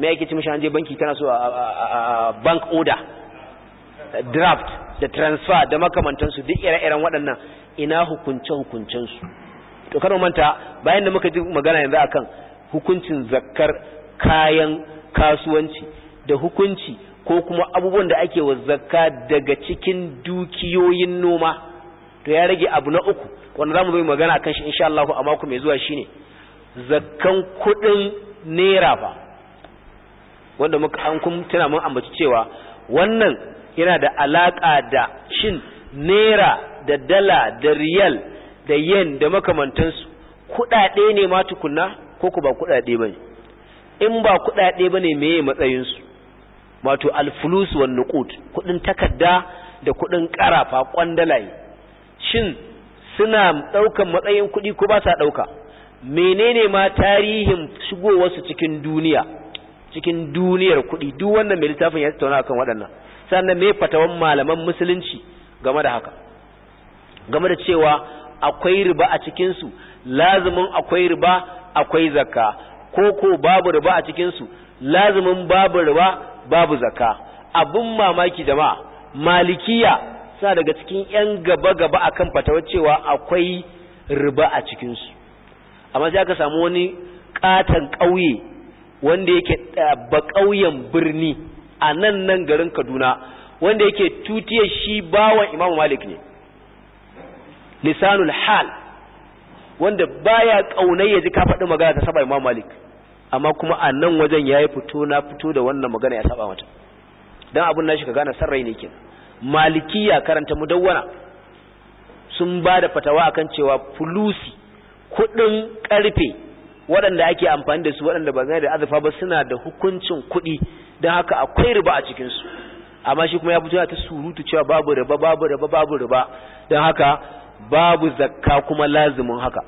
me ake ci an je banki tana so a bank order draft da transfer da makamantansu duk ire-iren waɗannan ina hukunce-hukuncensu to kan manta bayan da muka ji magana yanzu akan hukuncin zakkar kayan kasuwanci da hukunci ko kuma abubuwan da ake wa zakka daga cikin dukiyoyin noma to ya rage abu na uku wanda za mu zo magana kan shi insha Allah a mako mai zuwa shine zakkan kuɗin naira ba wanda muka an kuma tana mun ambaci cewa wannan yana da alaƙa da shin naira da dala da riyal da yen da makamantansu kuɗaɗe ne ma tukunna ko ku ba kuɗaɗe ba ne in ba kuɗaɗe ba ne meye matsayinsu wato alfulus wa nuqud kuɗin takarda da kuɗin ƙarafa ƙwandalaye shin suna ɗaukan matsayin kuɗi ko ba sa ɗauka menene ma tarihin shigowarsu cikin duniya cikin duniyar kuɗi duk wannan mai littafin ya tattauna kan waɗannan sannan me fatawan malaman musulunci game da haka game da cewa akwai riba a cikinsu su lazumin akwai riba akwai zakka ko ko babu riba a cikinsu su lazumin babu riba babu zakka abun mamaki jama'a malikiya sa daga cikin yan gaba gaba akan fatawar cewa akwai riba a cikinsu su amma sai aka samu wani katan ƙauye wanda yake eh, ba ƙauyen birni a nan nan garin kaduna wanda yake tutiya shi bawan imam malik ne lisanul hal wanda baya kaunai ya ji ka faɗi magana ta saba imam malik amma kuma a nan wajen ya yi fito na fito da wannan magana ya saba mata don abin nashi ka gane sarrai ne ke malikiya karanta mudawwana sun bada da fatawa akan cewa fulusi kuɗin karfe waɗanda ake amfani da su waɗanda ba zai da azufa ba suna da hukuncin kuɗi don haka akwai riba a cikinsu amma shi kuma ya fito ta surutu cewa babu riba babu riba babu riba don haka babu zakka kuma lazimin haka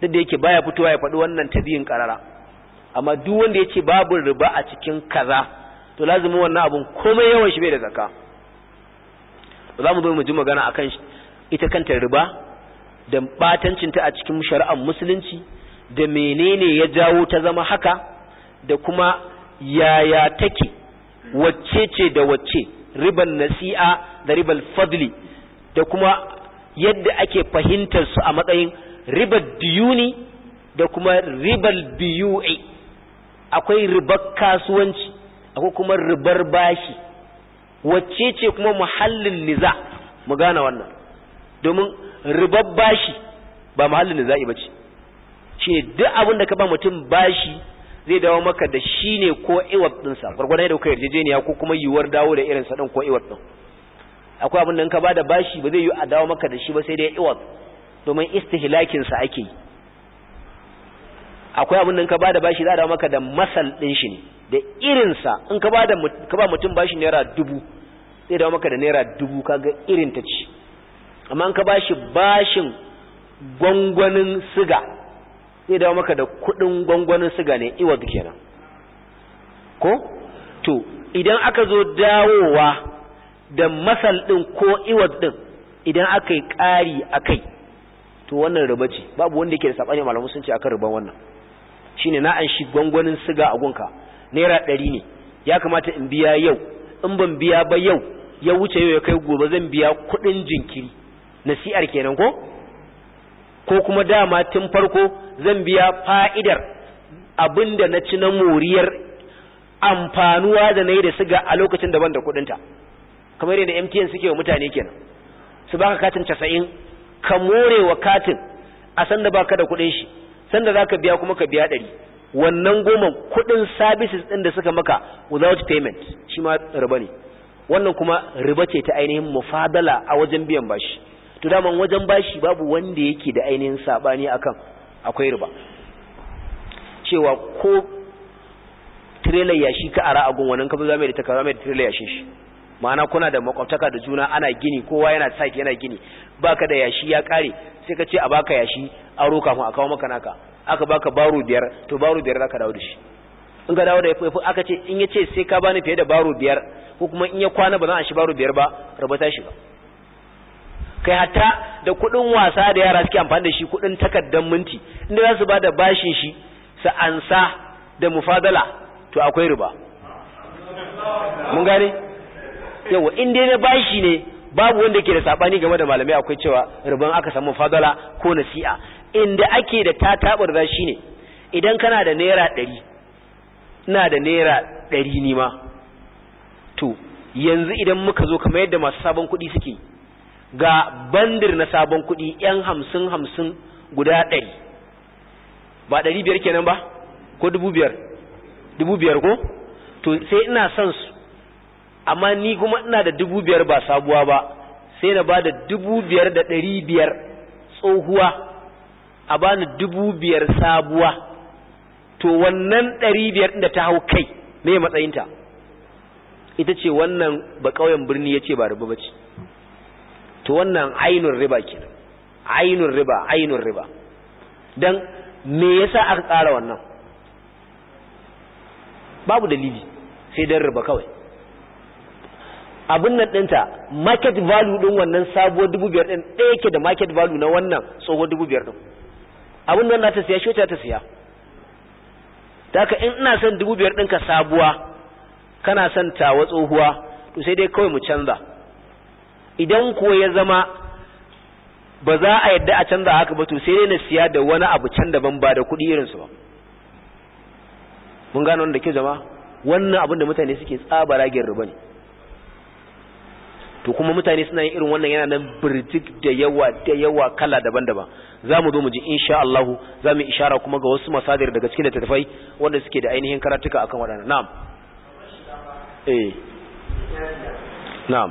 duk da yake baya fitowa ya faɗi wannan ta biyun karara amma duk wanda ya ce babu riba a cikin kaza to lazimin wannan abun komai yawan shi bai da zakka za mu zo mu ji magana akan ita kanta riba da batancinta a cikin shari'ar musulunci da menene ya jawo ta zama haka da kuma yaya take wacce ce da wacce ribar nasi'a da ribal fadli da kuma yadda ake fahimtar su a matsayin ribar diyuni da kuma ribal biyu'i akwai ribar kasuwanci akwai kuma ribar bashi wacce ce kuma muhallin niza mu gane wannan domin ribar bashi ba muhallin niza'i ba ce shine duk abin da ka ba mutum bashi zai dawo maka da shi ne ko iwat ɗinsa gwargwadon yadda kuka yarjejeniya ko kuma yiwuwar dawo da irinsa ɗin ko iwat ɗin akwai abin da in ka ba da bashi ba zai yi a dawo maka da shi ba sai dai iwat domin istihlakinsa ake yi akwai abin da in ka ba da bashi za a dawo maka da masal ɗin shi ne da irinsa in ka ba da ka ba mutum bashi naira dubu zai dawo maka da naira dubu kaga irin ta ci amma in ka bashi bashin gwangwanin siga zai dawo maka da kudin gwangwanin siga ne iwad kenan ko to idan aka zo dawowa da masal din ko iwa din idan aka yi ƙari a to wannan riba ce babu wanda yake da saɓani malamu sun ce akan riban wannan shine na an shi gwangwanin siga a gunka naira ɗari ne ya kamata in biya yau in ban biya ba yau ya wuce yau ya kai gobe zan biya kuɗin jinkiri nasi'ar kenan ko ko kuma dama tun farko zan biya fa'idar abin da na ci na moriyar amfanuwa da na yi da siga a lokacin daban da kudinta kamar yadda MTN suke wa mutane kenan su baka katin casa'in ka more wa katin a sanda baka da kudin shi sanda ka biya kuma ka biya ɗari wannan goma kudin sabisis ɗin da suka maka without payment shi ma riba ne wannan kuma riba ce ta ainihin mufadala a wajen biyan bashi to daman wajen bashi babu wanda yake da ainihin sabani akan akwai riba cewa ko trailer yashi ka ara agun ka kafa zama da ta mai da trailer yashin shi ma'ana kuna da makwabtaka da juna ana gini kowa yana tsaki yana gini baka da yashi ya kare sai ka ce a baka yashi roka kafin a kawo maka naka aka baka baro biyar to baro biyar zaka dawo da shi in ka dawo da yafi aka ce in ya ce sai ka bani fiye da baro biyar ko kuma in ya kwana ba za a shi baro biyar ba rabata shi ba kai hatta da kuɗin wasa da yara suke amfani da shi kuɗin takardar minti inda za su ba da bashin shi su ansa da mufadala to akwai riba mun gane yawa in dai na bashi ne babu wanda ke da sabani game da malamai akwai cewa riban aka samu fadala ko nasi'a inda ake da ta tabar da ne idan kana da naira ɗari ina da naira ɗari nima to yanzu idan muka zo kamar yadda masu sabon kuɗi suke yi ga bandir na sabon kuɗi yan hamsin hamsin guda ɗari ba ɗari biyar kenan ba ko dubu biyar dubu biyar ko to sai ina son su amma ni kuma ina da dubu biyar ba sabuwa ba sai na ba da dubu biyar da ɗari biyar tsohuwa a bani dubu biyar sabuwa to wannan ɗari biyar da ta hau kai me matsayinta ita ce wannan ba ƙauyen birni ya ce ba rubu ba ce to wannan ainihin riba kenan ainihin riba ainihin riba don me yasa aka tsara wannan babu dalili sai don riba kawai abin nan ɗinta market value ɗin wannan sabuwar dubu biyar ɗin ɗaya ke da market value na wannan tsohuwar dubu biyar ɗin abin nan na ta siya shi ta siya ta ka in ina son dubu biyar ɗinka sabuwa kana son tawa tsohuwa to sai dai kawai mu canza idan ko ya zama ba za a yadda a canza haka ba to sai dai na siya da wani abu can daban ba da kuɗi irinsu ba mun gano wanda ke zama wannan abin da mutane suke tsaba ragin riba ne to kuma mutane suna yin irin wannan yana nan birjik da yawa da yawa kala daban-daban za mu zo mu ji insha Allahu za mu ishara kuma ga wasu masadir daga cikin littattafai wanda suke da ainihin karatuka akan waɗannan na'am eh na'am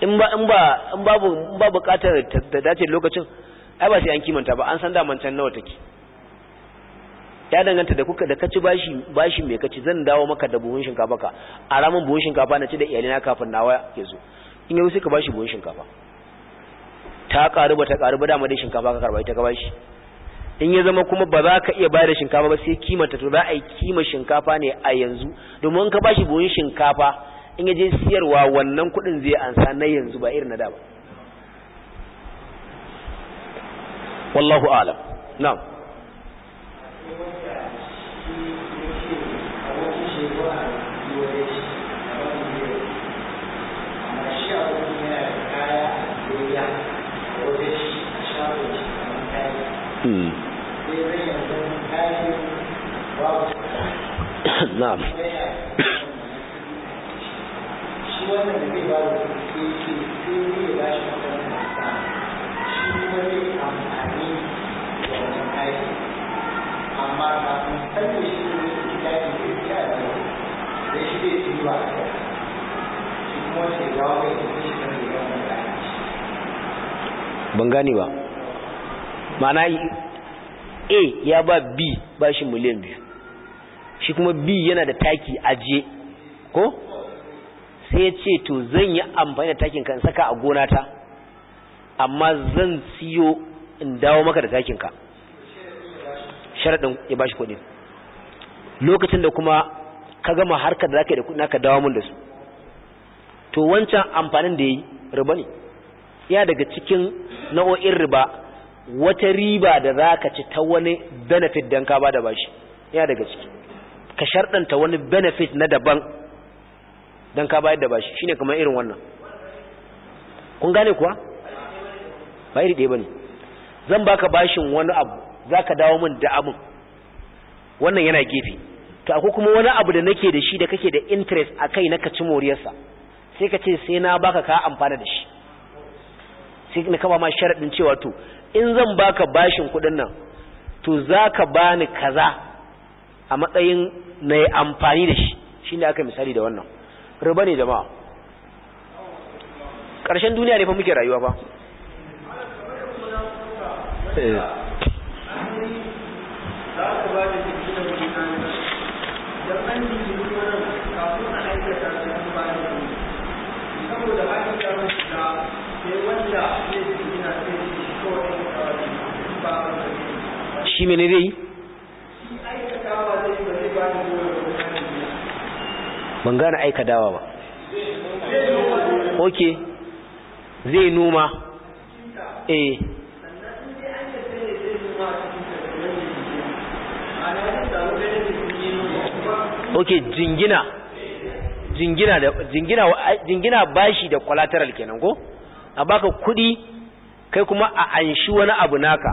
in ba in ba in babu in ba bukatar da dace lokacin ai ba sai an kimanta ba an san da mancan nawa take ya danganta da kuka da kaci bashi bashi mai kaci zan dawo maka da buhun shinkafa ka a ramin buhun shinkafa na ci da iyalina kafin nawa ke zo in yau sai ka bashi buhun shinkafa ta karu ba ta karu ba dama dai shinkafa ka karba ita ka bashi in ya zama kuma ba za ka iya bayar da shinkafa ba sai kimanta to za a yi kima shinkafa ne a yanzu domin ka bashi buhun shinkafa in ya je siyarwa wannan kuɗin zai ansa na yanzu ba irin na da ba wallahu alam na'am نعم hmm. wannan da ba da a zai ba shi kuma ban gane ba ma'ana a ya ba b bashi miliyan biyu shi kuma b yana da taki ajiye ko sai ya ce to zan yi amfani da takin ka in saka a gona ta amma zan siyo in dawo maka da takin ka sharadin ya bashi kudi lokacin da kuma ka gama harkar da zaka da kuɗi ka dawo mun da su to wancan amfanin da yayi riba ne ya daga cikin nau'o'in riba wata riba da zaka ci ta wani benefit dan ka bada bashi ya daga ciki ka sharɗanta wani benefit na daban don ka bayar da bashi shine kamar irin wannan kun gane kuwa ba iri ɗaya ba ne zan baka bashin wani abu za ka dawo min da abin wannan yana gefe to akwai kuma wani abu da nake da shi da kake da interest a kai na ka ci moriyarsa sai ka ce sai na baka ka amfana da shi sai na kama ma sharaɗin cewa to in zan baka bashin kuɗin nan to za ka bani kaza a matsayin na amfani da shi shi ne aka misali da wannan riba ne jama'a ƙarshen duniya ne fa muke rayuwa ba eh. shi mene dai ban gane aika dawa ba ok zai noma eh. ok jingina jingina da jingina jingina bashi da collateral kenan ko a baka kudi kai kuma a anshi wani abu naka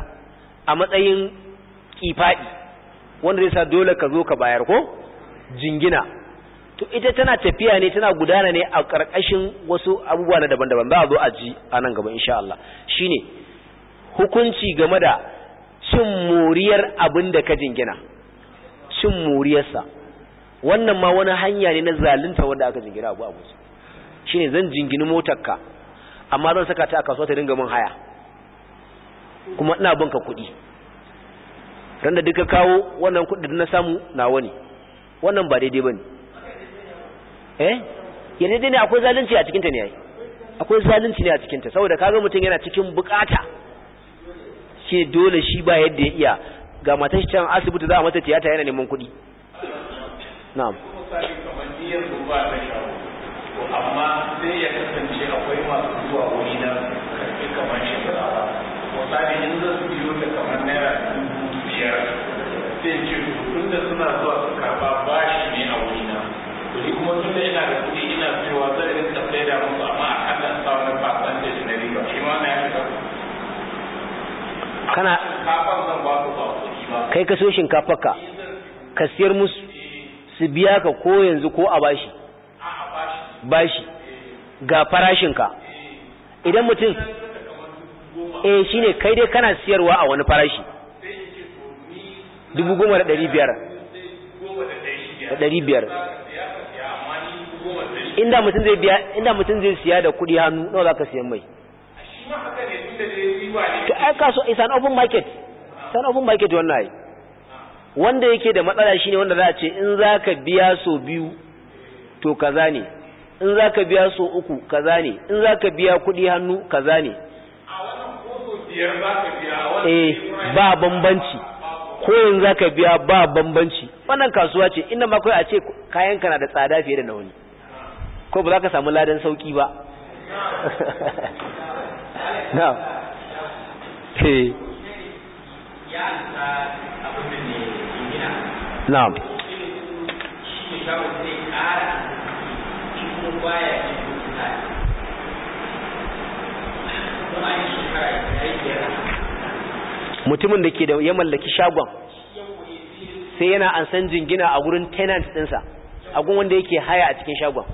a matsayin kifadi wanda zai sa dole ka zo ka bayar ko jingina to ita tana tafiya ne tana gudana ne a ƙarƙashin wasu abubuwa na daban-daban za a zo a ji a nan gaba insha Allah Shi ne, hukunci game da cin moriyar abin da ka jingina cin moriyarsa wannan ma wani hanya ne na zalunta wanda aka jingina abu abu ne, zan jingini motarka amma zan saka ta a kasuwa ta dinga min haya kuma ina bin ka kuɗi randa duka kawo wannan kuɗi na samu nawa ne wannan ba daidai ba ne. eh yanzu dai ne akwai zalunci a cikinta ne yayi akwai zalunci ne a cikinta saboda kaga mutum yana cikin bukata shi dole shi ba yadda ya iya ga matar shi can asibiti za a mata tiyata yana neman kuɗi na'am amma sai ya kasance akwai masu zuwa wuri na karfi kamar shekara ba sai in za su biyo da kamar naira biyar sai ce tun da suna zuwa su karɓa bashi ne a ni kuma tun da yana da kuɗi ina cewa zai rinka sai da musu amma a kan sa wani fasantin na riba shi ma na ya kana kafan zan ba ba kai ka so shinkafar ka ka siyar musu su biya ka ko yanzu ko a bashi bashi ga farashinka eh. idan mutum eh shine kai dai kana siyarwa a wani farashi dubu goma da ɗari da ɗari biyar inda mutum zai biya inda mutum zai siya da kuɗi hannu nawa zaka siya mai to ai kaso is an open market san open market wannan ai wanda yake da matsala shine wanda za ce in zaka biya so biyu to kaza ne in zaka biya so uku kaza ne in zaka biya kuɗi hannu kaza ne eh ba bambanci ko yanzu zaka biya ba bambanci wannan kasuwa ce inda ma kai a ce ka na da tsada fiye da na wani ko ba za ka samu ladan sauki ba na ke na mutumin da ke da ya mallaki shagon sai yana an san jingina a wurin tenant ɗinsa a gun wanda yake haya a cikin shagon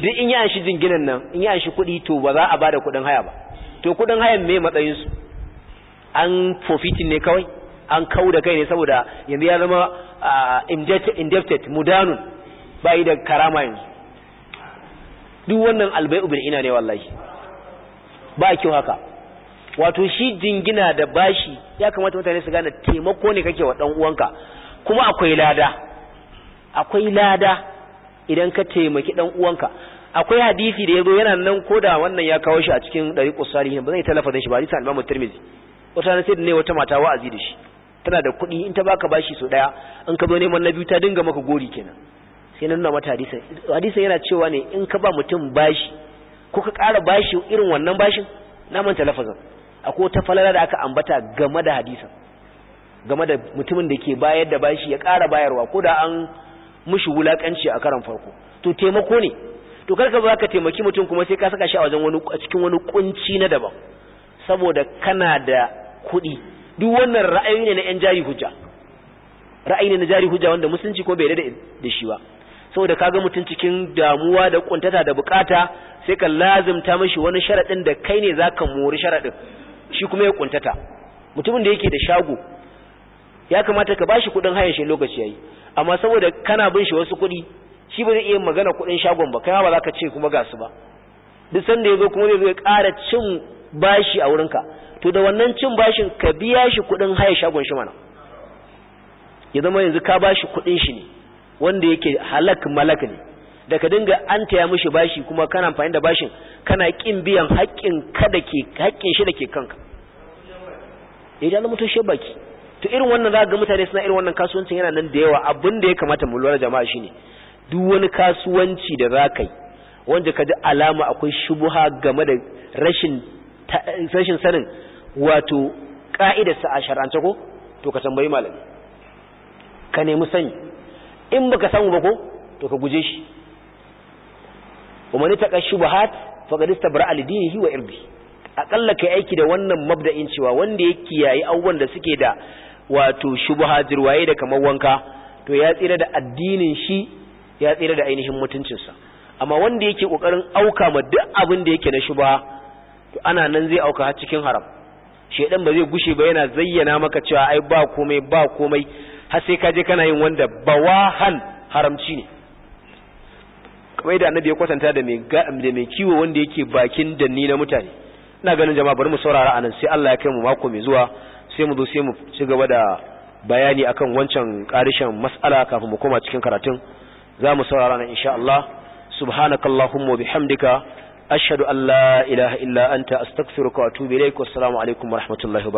duk in yi shi jinginan nan in yi shi kuɗi to ba za a bada kuɗin haya ba to kuɗin hayan me matsayin su an fofitin ne kawai an kau da kai ne saboda yanzu ya zama indebted mudanun yi da karama yanzu duk wannan albai ubin ina ne wallahi ba kyau haka wato shi jingina da bashi ya kamata mutane su gane taimako ne kake wa ɗan'uwanka uwanka kuma akwai lada akwai lada idan ka taimaki dan uwanka akwai hadisi da yazo yana nan koda wannan ya kawo shi a cikin dari salihin ba zai talafa dan shi ba hadisi al-Imam Tirmidhi wata ne sai ne wata mata wa'azi da shi tana da kuɗi in ta baka bashi so daya in ka zo neman na biyu ta dinga maka gori kenan sai nan na mata hadisi hadisi yana cewa ne in ka ba mutum bashi ko ka ƙara bashi irin wannan bashin na manta lafazin akwai wata falala da aka ambata game da hadisin game da mutumin da ke bayar da bashi ya ƙara bayarwa ko da an mushi wulakanci a karan farko to taimako ne to karka ba ka taimaki mutum kuma sai ka saka shi a wajen wani a cikin wani kunci na daban saboda kana da kuɗi duk wannan ra'ayi ne na yan jari hujja ra'ayi ne na jari hujja wanda musulunci ko bai da da shi ba saboda kaga mutum cikin damuwa da kuntata da bukata sai ka lazimta mishi wani sharadin da kai ne zaka mori sharadin shi kuma ya kuntata mutumin da yake da shago ya kamata ka bashi kuɗin hayan shi lokaci yayi amma saboda kana bin shi wasu kuɗi shi ba zai iya magana kuɗin shagon ba kai ba za ka ce kuma ga su ba duk sanda ya zo kuma zai ƙara cin bashi a wurin ka, to da wannan cin bashin ka biya shi kuɗin hayan shagon shi mana ya zama yanzu ka bashi kuɗin shi ne wanda yake halak malak ne da ka dinga an taya mishi bashi kuma kana amfani da bashin kana kin biyan haƙƙin ka da ke haƙƙin shi da ke kanka ya mutum shi baki to irin wannan za ga mutane suna irin wannan kasuwancin yana nan da yawa abin da ya kamata mu lura jama'a shine duk wani kasuwanci da za ka yi wanda ka ji alama akwai shubuha game da rashin rashin sanin wato sa a shar'ance ko to ka tambayi malami ka nemi sani in baka samu ba ko to ka guje shi umani taqa shubuhat faqad istabra al-dinihi wa irbi akalla kai aiki da wannan mabda'in cewa wanda ya kiyaye abubuwan da suke da wato shubha jirwaye da kamar wanka to ya tsira da addinin shi ya tsira da ainihin mutuncinsa amma wanda yake kokarin auka ma duk abin da yake na shuba to ana nan zai auka har cikin haram shedan ba zai gushe ba yana zayyana maka cewa ai ba komai ba komai har sai ka je kana yin wanda bawahan haramci ne kamar da annabi ya kwatanta da mai da mai kiwo wanda yake bakin danni na mutane ina ganin jama'a bari mu saurara anan sai Allah ya kai mu mako mai zuwa sai mu zo sai mu ci gaba da bayani akan wancan karishin mas'ala kafin mu koma cikin karatun za mu saurara nan insha Allah subhanakallahumma wa bihamdika ashhadu an la ilaha illa anta astaghfiruka wa atubu ilaik wa alaikum wa rahmatullahi